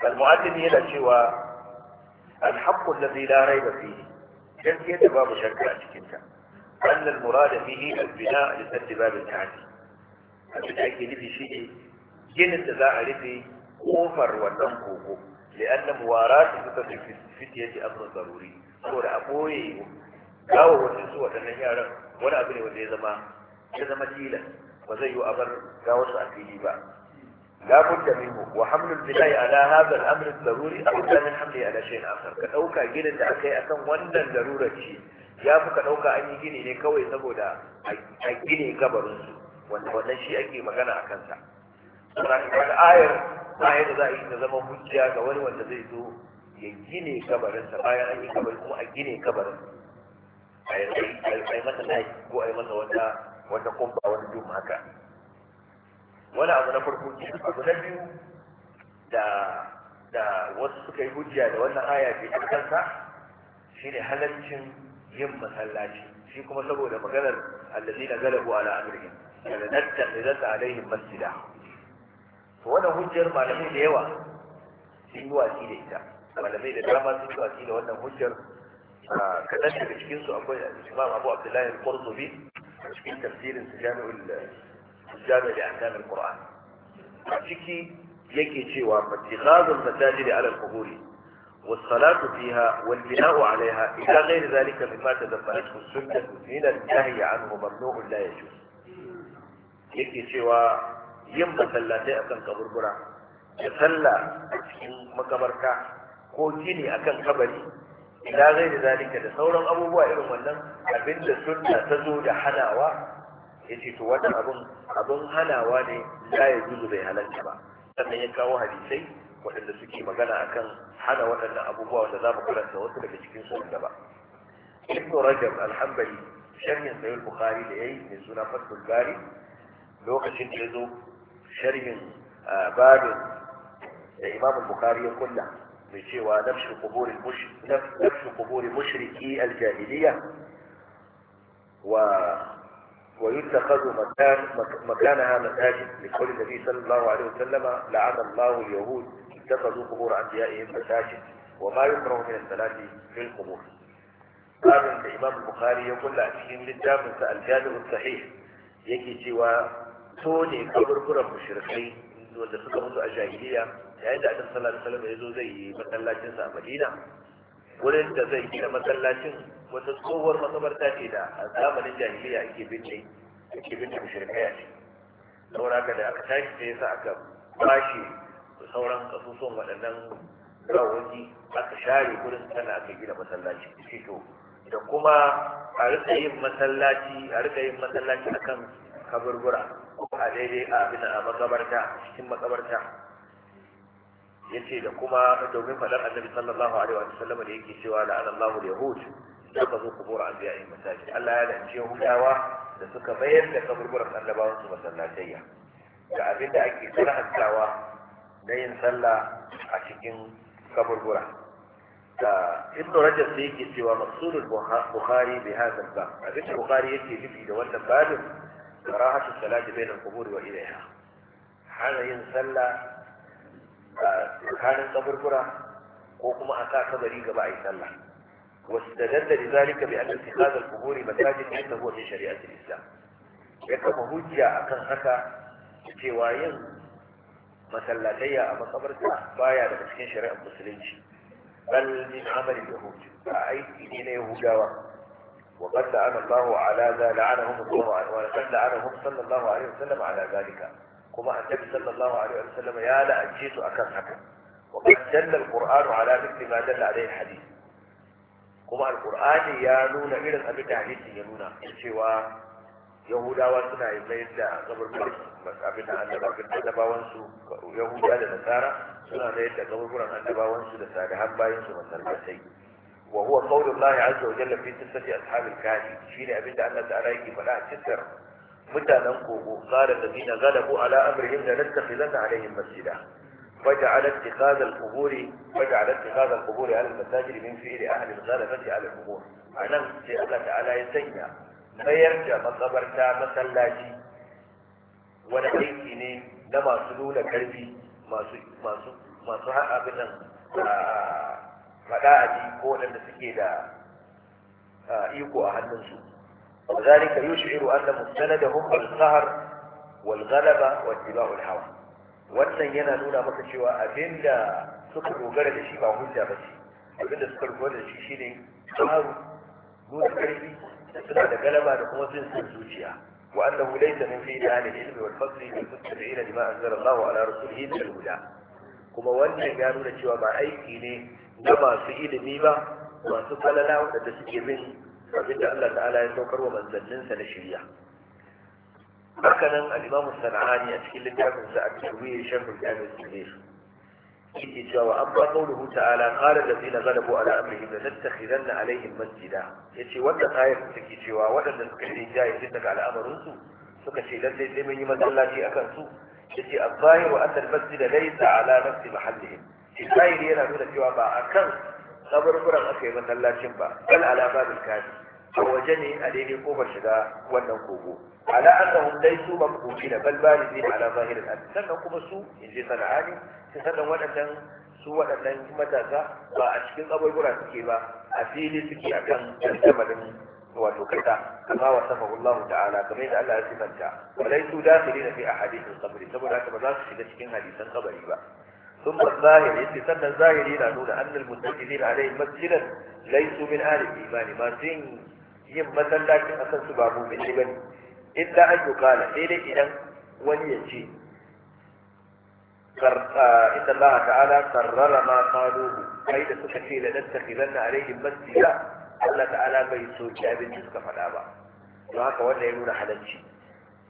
المؤذن هنا شوى الحق الذي لا ريب فيه جزية باب شكا أشكتا أن المراد فيه البناء لسد باب التعدي أبن أجل في شيء ginin da za a rufe kofar wannan kogo wara su suka fi yake amrun zaruri saboda a boye gawo wasu su waɗannan yaran wani abu ne wanda ya zama ya zama tilas ba zai yi abar gawo su a fili ba لا بد منه وحمل البناء على هذا الامر الضروري افضل من حمله ala شيء اخر ka dauka gidan da akai akan wannan darurar ce ya fi ka dauka an yi gini ne kawai saboda a gine gabarin su wanda wannan shi ake magana a kansa saboda ayar ba yadda za a yi ta zama hujja ga wani wanda zai zo ya gine kabarinsa bayan an yi kabari kuma a gine kabarin a yi masa layi ko a yi masa wata wata kumba wani dum haka wani abu na farko ce abu na biyu da da wasu suka yi hujja da wannan aya ke a kansa shine halaccin yin masallaci shi kuma saboda maganar allazi na galabu ala amrihim da nattakhidhat alaihim masjida wannan hujjar malamai da yawa sun yi watsi da ita malamai da dama sun yi watsi da wannan hujjar kaɗan daga cikinsu akwai imam abu abdullahi al-qurtubi a cikin tafsirin su jami'ul jami'ul ahkam al-qur'an a ciki yake cewa fatighazul masajid ala al-quburi والصلاة فيها والبناء عليها إلى غير ذلك مما تدبرته السنة من النهي عنه ممنوع لا يجوز. يكي cewa. yin masallatai akan kaburbura ya sallah a cikin makabarta ko gini akan kabari Ina zai da zalika da sauran abubuwa irin wannan abinda sunna ta zo da hanawa ya ce to wannan abin abin hanawa ne la ya zuzu bai halarta ba sannan ya kawo hadisai waɗanda suke magana akan hana waɗannan abubuwa wanda za mu karanta wasu daga cikin su gaba ibnu rajab alhambali sharhin sahih bukhari da yayi mai suna fatul bari lokacin da ya zo شرح آه، باب الإمام آه، البخاري يقول كله من شيء ونفس قبور المش نفس قبور مشركي الجاهلية و ويتخذ مكان مكانها مساجد لقول النبي صلى الله عليه وسلم لعن الله اليهود اتخذوا قبور انبيائهم مساجد وما يكره من الثلاث في القبور. قال الامام البخاري يقول لا من الجامع الصحيح يجي سوى tone kaburburan mushirkai wanda suka mutu a jahiliya yayin da annabi sallallahu alaihi wasallam ya zo zai yi masallacin sa a Madina wurin da zai gina masallacin wata tsohuwar makabarta ce da a zamanin jahiliya ake binne ake binne mushirkai a ciki saura ka da aka tashi sai yasa aka bashi sauran kasusuwan waɗannan rawoji aka share gurin sana aka gina masallaci shi to da kuma a rika yin masallaci a rika yin masallaci akan kaburbura ko a daidai a abin a makabarta cikin makabarta yace da kuma domin faɗar annabi sallallahu alaihi wa sallam da yake cewa la'anallahu yahud da ka zo kubur anbiya'in masajid Allah ya lance hudawa da suka bayar da kaburburan annabawan su masallatayya da abin da ake sana'antawa na yin sallah a cikin kaburbura da ibn rajab sai yake cewa masulul bukhari bi hadha al-bab abin da bukhari yake nufi da wannan babin كراهة الصلاة بين القبور وإليها هذا ينسلى مكان قبر كرة وكما أتى قبري قبع يسلى واستدل لذلك بأن اتخاذ القبور مساجد حتى هو من شريعة الإسلام يكما هجة أكن هكا cewayin masallatayya a makabarta baya daga cikin shari'ar musulunci bal min amalin yahud a aiki ne na yahudawa وقد لعن الله على ذا لعنهم الله وقد لعنهم صلى الله عليه وسلم على ذلك كما النبي صلى الله عليه وسلم يا لأجيت أكن حكم وقد دل القرآن على مثل ما دل عليه الحديث كما القرآن يا نون إلى الأبد حديث ينونا سوى yahudawa suna yin mai da kaburburan abin da annabawar annabawansu yahuda da nasara suna mayar da kaburburan annabawansu da sadahan bayansu masallatai wa huwa qawlu Allah azza wa jalla fi qissati ashabil kahfi shine abinda Allah ta'ala yake faɗa a cikin mutanen kogo qala alladhina ghalabu ala amrihim اتخاذ القبور وجعل اتخاذ القبور على المساجد من فعل اهل الغلبة على القبور انا سي الله تعالى يسنيا فيرجع مقبرتا مسلاجي wani aiki ne na masu nuna karfi masu masu masu haɗa faɗa a ji ko waɗanda suke da iko a hannunsu وذلك يشعر أن مستندهم القهر والغلبة واتباع الهوى wannan yana nuna maka cewa abinda suka dogara da shi ba hujja ba ce abinda suka dogara da shi shine tsaru nuna karfi suna da galaba da kuma jin sun zuciya wa annahu laysa min fi dalil ilmi wal fadli bil muttabi'ina lima anzala Allah ala rasulihi min kuma wannan ya nuna cewa ba aiki ne na masu ilimi ba masu falala waɗanda suke bin abinda Allah ta'ala ya saukar wa manzanninsa na shirya hakanan al-imam sana'ani a cikin littafin sa at-tawhid sharh al-jami' al-kabir yake cewa amma qawluhu ta'ala qala allazina ghalabu ala amrihim lanattakhidanna alaihim masjida yace wannan ayar da take cewa waɗanda suka yi jayi daga al'amarin su suka ce lalle sai mun yi masallaci akan su yace abbayi wa annal masjida laysa ala nafsi mahallihim zahiri yana nuna cewa ba a kan kaburburan aka yi masallacin ba bal ala babil a waje ne a daidai kofar shiga wannan kogo ala annahum laysu maqbulina bal barizina ala zahiril ard sannan kuma su inji sana'ani sannan waɗannan su waɗannan matasa ba a cikin kaburbura suke ba a fili suke akan damarin wato kasa kama wa sama Allah ta'ala kamar yadda Allah ya sifanta su laysu dakhilina fi ahadithil qabri saboda haka ba za su shiga cikin hadisan kabari ba ثم الظاهر يتسنى الظاهر إلى نون أن المتكلين عليه مسجدا ليسوا من أهل الإيمان ما سين yin masallacin a kansu ba mumini ba ne illa kala sai idan wani ya ce inda Allah ta'ala karrara kai da suka ce da nan na alaihim masjida Allah ta'ala bai so ki suka faɗa ba don haka wannan ya nuna halalci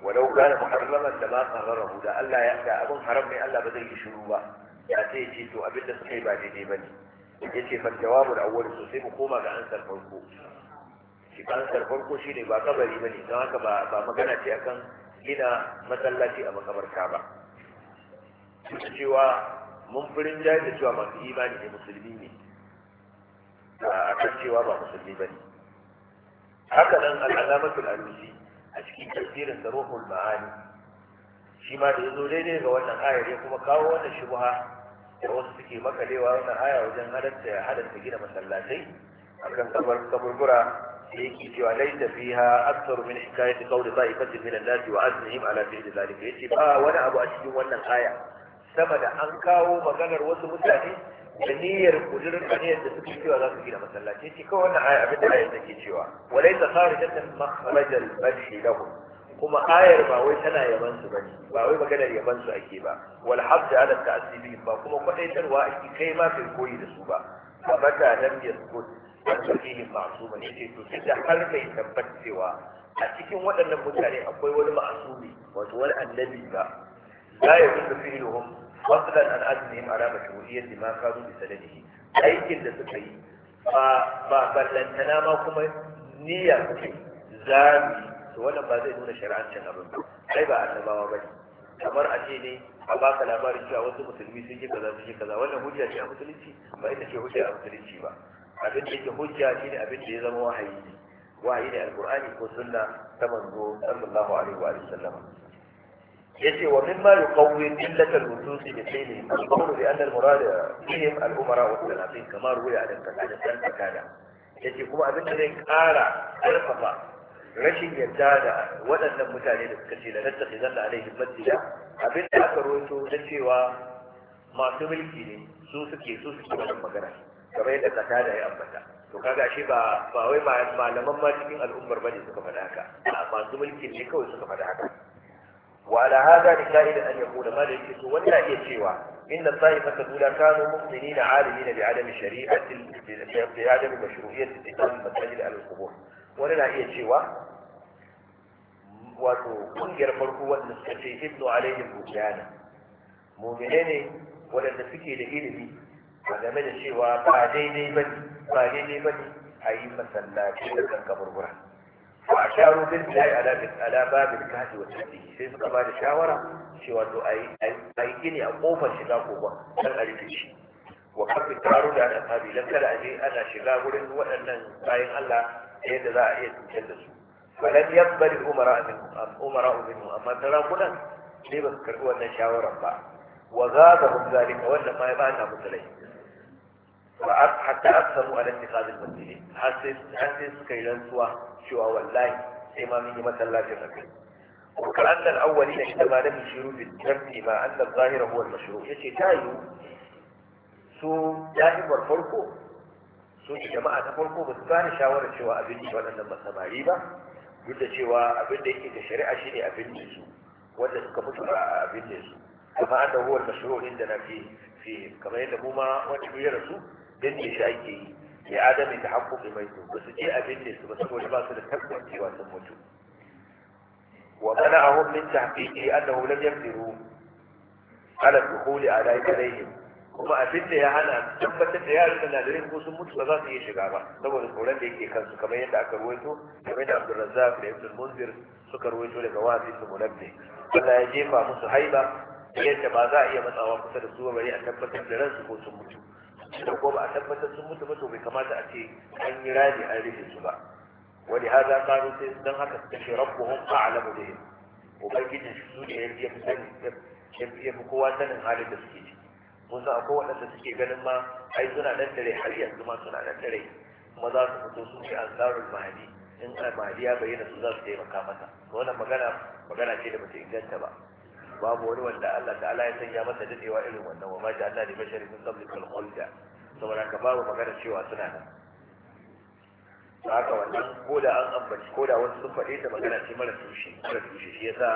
walau kana da ma da Allah ya abin haram mai Allah ba zai yi shiru ba ya ce ce to abin da suka yi ba daidai ba ne ya ce fal jawabul awwal to sai mu koma ga ansar farko shi ansar farko shi ne ba kabari ba ne don haka ba magana ce akan gina masallaci a makabarta ba duk cewa mun furin jari da cewa masu imani ne musulmi ne a kan cewa ba musulmi ba ne haka nan al'alamatul alusi a cikin tafsirin da ruhul ma'ani shi ma da ya zo daidai ga wannan ayar ya kuma kawo wannan shubha da wasu suke makalewa wannan aya wajen halatta halatta gina masallatai akan kabar kaburbura da yake cewa laisa fiha aktsaru min hikayati qawli ta'ifatin min an-nas wa azmihim ala fi'li zalika yace ba wani abu a cikin wannan aya sama da an kawo maganar wasu mutane da niyyar kudurin aniyar da suke cewa za su gina masallaci yace kawai wannan aya abin da ayar take cewa walaysa kharijatan makhrajal badhi lahum kuma ayar ba wai tana yaban su bane ba wai maganar yaban su ake ba wal habd ala ta'sibi ba kuma kwadaitarwa ake kai ma kai koyi da su ba kamar da lam yaskut an sahihin ma'suma ne ce to da har bai tabbata a cikin waɗannan mutane akwai wani ma'asumi wato wani annabi ba la yakunu fi'luhum fadlan an azmihim ala mashru'iyyati ma kanu bi sanadihi aikin da suka yi ba ba ballantana ma kuma niyya ce yi. to wannan ba zai nuna shari'ancin abin ba ai ba annabawa bane kamar a ce ne a baka labarin cewa wasu musulmi sun yi kaza sun yi kaza wannan hujja ce a musulunci ba ita ce hujja a musulunci ba abin da yake hujja shine abin da ya zama wahayi ne wahayi ne alqur'ani ko sunna ta manzo sallallahu alaihi wa sallam yace wa mimma yuqawwi illat al-nusus bi sayli al-qawl bi anna al-murad fihim al-umara wa al-salatin kama ruwaya an da. kana yace kuma abin da zai kara karfafa rashin yadda da waɗannan mutane da suka ce da nan tafi zanna alaihim masjida abin da aka roto na cewa masu mulki ne su suke su suke wannan magana kamar yadda kata da ya ambata to kaga shi ba ba wai malaman ma cikin al'ummar bane suka faɗa haka masu mulki ne kawai suka faɗa haka wa ala hada ni shahid an yaqula ma da yake to wanda ya cewa inna sa'ifata dula kanu mu'minina alimina bi adami shari'ati bi adami mashru'iyyati al-masajid al-qubur wani na iya cewa wato kungiyar farko wanda suka ce ibnu alaihim rujana mu'mine ne wadanda suke da ilimi a game da cewa ba daidai ba ne ba daidai ba ne a yi masallaci da kan kaburbura fa sharu bil bilahi ala ala babil kahfi wa tabi'i sai suka ba da shawara cewa to a yi gini a kofar shiga ba dan a rufe shi wa kafin taru da al'asabi lan kada a je ana shiga wurin waɗannan bayan Allah yadda za a iya cutar da su falan yabbali umara minhum umara minhum amma sarakunan sai ba su karɓi wannan shawaran ba wa gaba hum zalika wannan ma ya ba ta musu Ba wa hatta aksaru a ittikhad al-masjid har sai suka yi rantsuwa cewa wallahi sai ma mun yi masallacin na shida akai shiru الأولين عندما لم يشيروا بالجمع مع أن الظاهر Ya ce ta تايو su jami'ar farko so da jama'a ta farko ba su gane shawarar cewa abin da waɗannan ba samari ba duk da cewa abin da yake da shari'a shi ne abin da su wanda suka mutu a abin da su kuma an da huwar mashiro inda na fi fi kamar yadda mu ma wata biyar su dan ne shi ake yi ya adami ta haƙƙoƙi mai su ba su je abin da su ba saboda ba su da tabbas cewa sun mutu ومنعهم من تحقيقه أنه لم يقدروا على الدخول على عليهم kuma abin da ya hana tabbatar da yaran sinadarin ko sun mutu ba za su iya shiga ba saboda tsoron da yake kansu kamar yadda aka ruwaito kamar yadda abdulrazzaq da ibn munzir suka ruwaito daga wasi ibn munabbi Allah ya jefa musu haiba yadda ba za a iya matsawa kusa da su ba bari a tabbatar da ransu ko sun mutu da ko ba a tabbatar sun mutu ba to bai kamata a ce an yi rani an rufe su ba wani haza kanu sai don haka suka ce rabbuhum da bihim ubangijin su ne ya fi sani ya fi kowa sanin halin da suke ciki kun san akwai waɗanda suke ganin ma ai suna nan dare har yanzu ma suna nan dare kuma za su fito su ce tsarin mahadi in a mahadi ya bayyana su za su taimaka masa wannan magana magana ce da bata inganta ba babu wani wanda Allah ta'ala ya sanya masa dadewa irin wannan wa ma ja'alna li basharin min qablikal khulda saboda ka babu magana cewa suna nan ta haka wannan ko da an ambaci ko da wasu sun faɗe ta magana ce mara tushe mara tushe shi yasa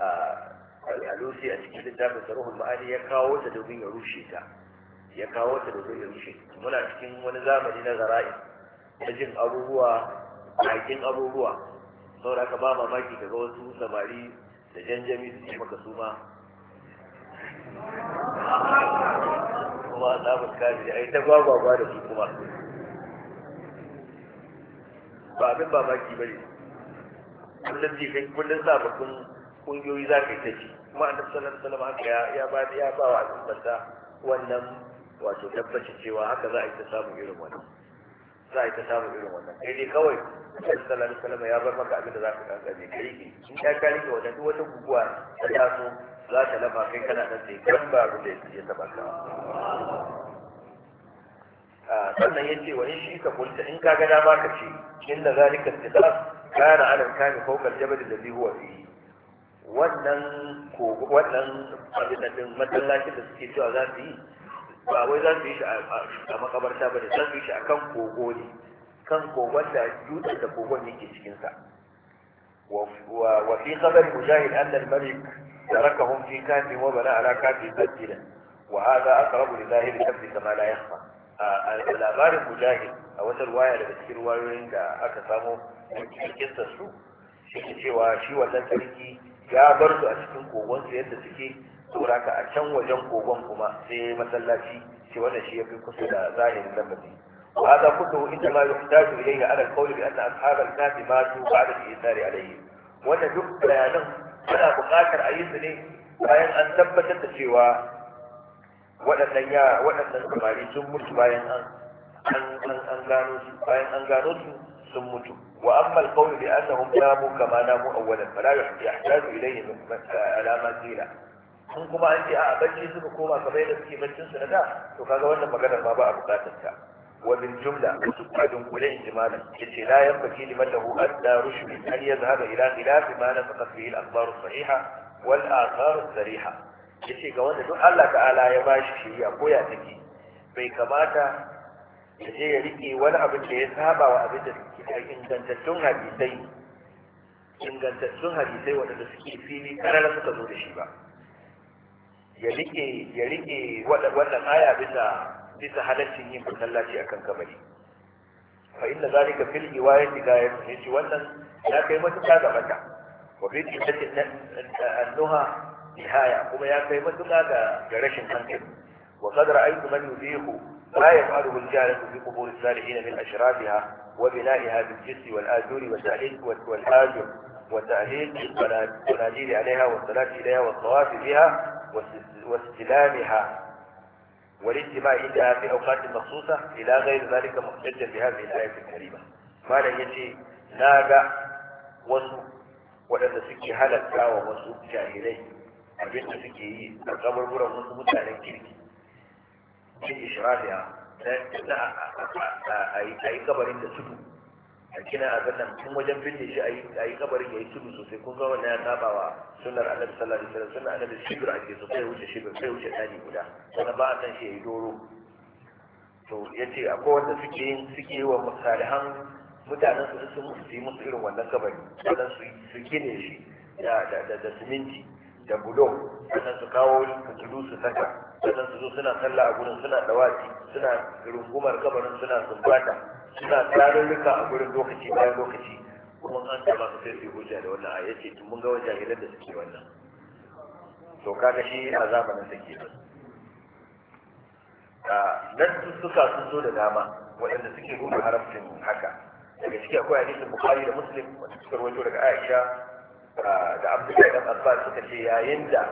ah, al-alusi a cikin littafin da ruhul ma'ani ya kawo ta domin ya rushe ta ya kawo ta domin ya rushe muna cikin wani zamani na zara'i na jin abubuwa hakin abubuwa saboda aka ba mamaki daga wasu samari da janjami su ce maka su ma kuma za mu kaji a yi ta gwagwagwa da su kuma ba abin mamaki ba ne kullum jikin kullum sababbin kungiyoyi za ka yi ta ci kuma an tafi sallar wasallam haka ya ba ya ba wa al'ummarsa wannan wato tabbaci cewa haka za a yi ta samun irin wannan za a yi ta samun irin wannan kai dai kawai annabi sallar Salama ya bar maka abin da za ka kanka ne kai ne in ka ka rike wannan duk wata guguwa ta taso za ta lafa kai kana nan sai kan ba da ya taba ka sannan ya ce wani shi ka kunta in ka ga dama ka ce inda zalika tilas kana ala kani fawqa al-jabal alladhi huwa fihi wannan kogo wannan abin masallacin da suke cewa za su yi ba wai za su yi shi a makabarta ba da za su yi shi a kan kogo ne kan kogon da dutsen da kogon yake cikinsa wafi fi khabar mujahid annal malik tarakahum fi kafin wa bana ala kafin masjidan wa hadha aqrabu lillahi da kafin kama la yakhfa a labarin mujahid a wata ruwaya daga cikin ruwayoyin da aka samo cikin su shi cewa shi wannan sarki ya bar su a cikin kogon su yadda suke saboda ka a can wajen kogon kuma sai ya masallaci ce wannan shi ya fi kusa da zahirin lamari وهذا كله انما يحتاج اليه على القول بان اصحاب الكهف ماتوا بعد الايثار عليه وانا duk bayanan suna buƙatar a yi su ne bayan an tabbatar da cewa waɗannan yara waɗannan samari sun mutu bayan an gano su bayan an gano su sun mutu وأما القول بأنهم ناموا كما ناموا أولا فلا يحتاج إليه على ما قيل in kuma an ce a bacci suka koma kamar yadda suke baccin su na da to kaga wannan maganar ma ba a bukatar ta wa min jumla su ka dunkule ijmalan yace la yanbaghi liman lahu adda rushd an yadhhaba ila khilaf ma nafaqa fihi al-akhbar as-sahiha wal athar as-sariha yace ga wanda duk Allah ta'ala ya bashi shiriya ko ya take bai kamata ya je ya rike wani abin da ya saba wa abin da ingantattun hadisai ingantattun hadisai waɗanda suke fili karara suka zo da shi ba ya rike ya rike wannan aya bisa bisa halaccin yin masallaci akan kabari fa inna zalika fil riwayati la yace wannan ya kai matuƙa ga mata wa fi annuha nihaya kuma ya kai matuƙa ga rashin hankali wa qad ra'aytu man yudihu ما يفعله الجاهل في قبور الصالحين من أشرافها وبنائها بالجس والآجور وتأهيل والآجر وتأهيل القناديل عليها والصلاة إليها والطواف بها واستلامها والاجتماع عندها في أوقات مخصوصة إلى غير ذلك محتجا بهذه الآية الكريمة ما لن يجي ناقة وسوء ولن suke halatta wa wasu jahilai abinda suke yi a kaburburan wasu fi ishrafiya da a yi kabarin da tudu a kina a nan, tun wajen binne shi a yi kabarin ya yi tudu sosai kun zama na ya saba wa sunar annabi sallallahu alaihi wasallam sunar annabi shibir ake so kai wuce shibir kai wuce tani guda sannan ba a san shi ya yi doro to ya ce akwai wanda suke yin suke yi wa musalihan mutanen su sun musu su yi musu irin wannan kabari wannan su gine shi da siminti da gudo, sannan su kawo fitilu su saka sannan su zo suna sallah a gurin suna dawati suna rungumar kabarin suna sumbata suna tarurruka a gurin lokaci bayan lokaci kuma an taba su sai su hujja da wannan aya tun mun ga wajahilan da suke wannan to kaga shi a zamanin da ke nan suka sun zo da dama waɗanda suke nuna haramcin haka daga ciki akwai hadisin bukhari da muslim wanda suka rawaito daga aisha da abdullahi dan abbas suka ce yayin da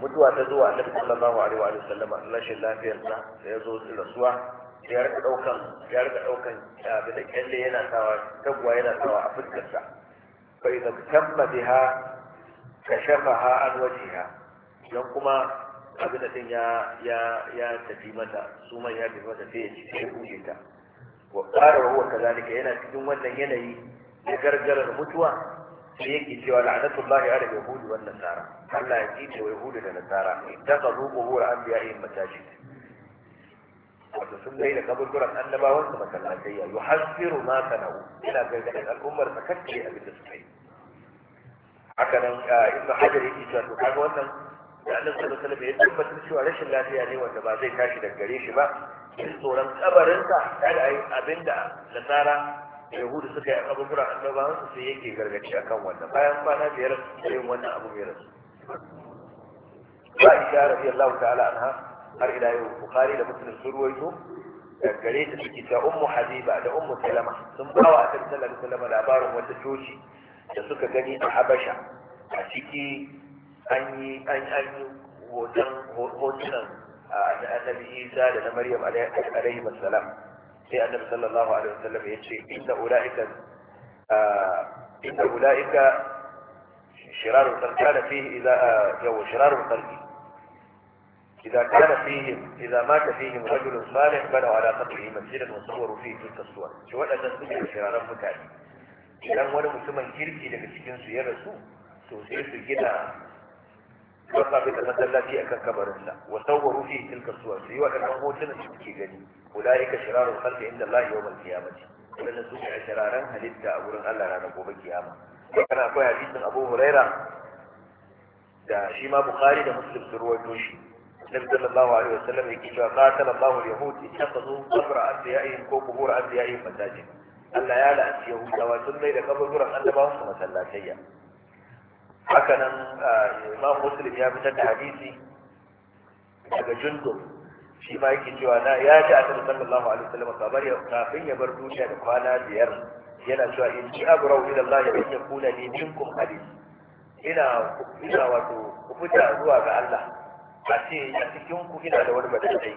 mutuwa ta zuwa annabi sallallahu alaihi wa sallam rashin lafiyar sa da ya zo su rasuwa ya rika daukan ya rika daukan da kyalle yana sawa tagwa yana sawa a fuskar sa fa idza tamma biha kashafaha an ha, dan kuma abin da din ya ya ya tafi mata su man ya tafi mata sai ya ci ta ta wa qara wa huwa kadhalika yana cikin wannan yanayi da gargarar mutuwa sai yake cewa la'anatullahi ala yahudi wan nasara Allah ya tsine wa yahudi da nasara ittakhadhu qubur anbiya'ihim masajid wato sun dai da kaburburan annabawan su masallatai ya yuhazziru ma sanau ina gargadin al'ummar ta kacce abin da suka yi haka nan ibnu hajar yake cewa to kaga wannan da Allah sallallahu alaihi ya tabbatar cewa rashin lafiya ne wanda ba zai tashi daga gare shi ba in tsoron kabarinsa kada ai abinda nasara yahudu suka yi abubuwa annabawan su sai yake gargaci akan wannan bayan kwana biyar sai wannan abu mai rasu isa isha radiyallahu ta'ala anha har ila yau bukhari da mutum sun ruwaito gare ta suke ta ummu habiba da ummu salama sun ba wa akan sallallahu salama labarin wata coci da suka gani a habasha a ciki an yi an yi hotunan annabi isa da na maryam alaihi salam sai annab sallallahu alaihi wasallam ya ce inna ulaika inna ulaika shirar tarkala fihi idza yaw shirar qalbi idza kana fihi idza mata fihi rajul salih bada ala qatlihi masjidan wa sawaru fihi tilka suwar shi wadannan su ne shirarun mutane idan wani mutumin kirki daga cikin su ya rasu to su gina. don sa da masallaci akan kabarinsa wa sauwaru fi tilka suwar su yi waɗannan hotunan da kuke gani ulaika shirarul khalqi inda Allah yawmal qiyamati wanda su ne shiraran halitta a wurin Allah ranar gobe kiyama kana akwai hadisin Abu Huraira da shi ma Bukhari da Muslim sun ruwaito shi Nabi sallallahu alaihi wasallam yake cewa qatala Allahu al-yahud ittakhadhu qabra anbiya'ihim ko qubur anbiya'ihim masajid Allah ya la'anci Yahudawa sun mai da kaburburan annabawan su masallatayya haka nan eh, imam muslim ya fitar da hadisi daga jundub shi ma yake cewa na ya ji annabi sallallahu alaihi wasallam kabar ya kafin ya bar duniya da kwana biyar yana cewa in ji abrau ila Allah ya yi kula ni minkum hadis ina ina wato ku fita zuwa ga Allah a ce a cikin ku ina da wani badadai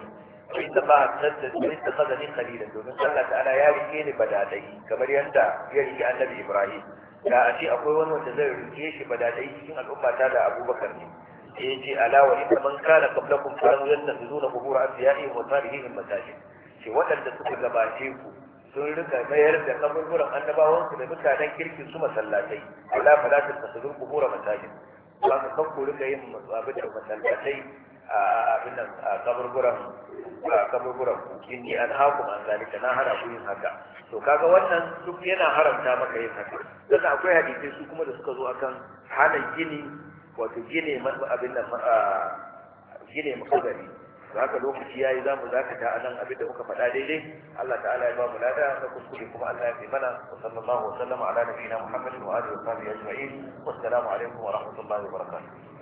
to inda ba tsadda da inda kaza ni qalilan domin Allah ta'ala ya rike ni badadai kamar yadda ya rike annabi Ibrahim da a ce akwai wani wanda zai rike shi ba da dai cikin al'umma ta da abubakar ne sai ce ala wa inna man kana qablakum kanu yattakhizuna qubur asyaihim da tarihihim masajid ce waɗanda suka gabace ku sun rika mayar da kaburburan annabawansu da mutanen kirkin su masallatai ala fala tattakhizun qubur masajid ba ka kan ku rika yin da masallatai a abin nan a kaburburan kaburburan ku inni an hakum an zalika na hana ku yin haka to kaga wannan duk yana haramta maka yin haka don akwai hadisi su kuma da suka zo akan hana gini wato gine abin nan ah, gine makabari za ka lokaci ya yi za mu dakata a nan abin da muka faɗa daidai Allah ta'ala ya ba mu lada na kuskure kuma Allah ya fi mana wa sallallahu wa sallama ala nabiyina Muhammadin wa alihi wa sahbihi ajma'in wassalamu alaikum wa rahmatullahi wa barakatuh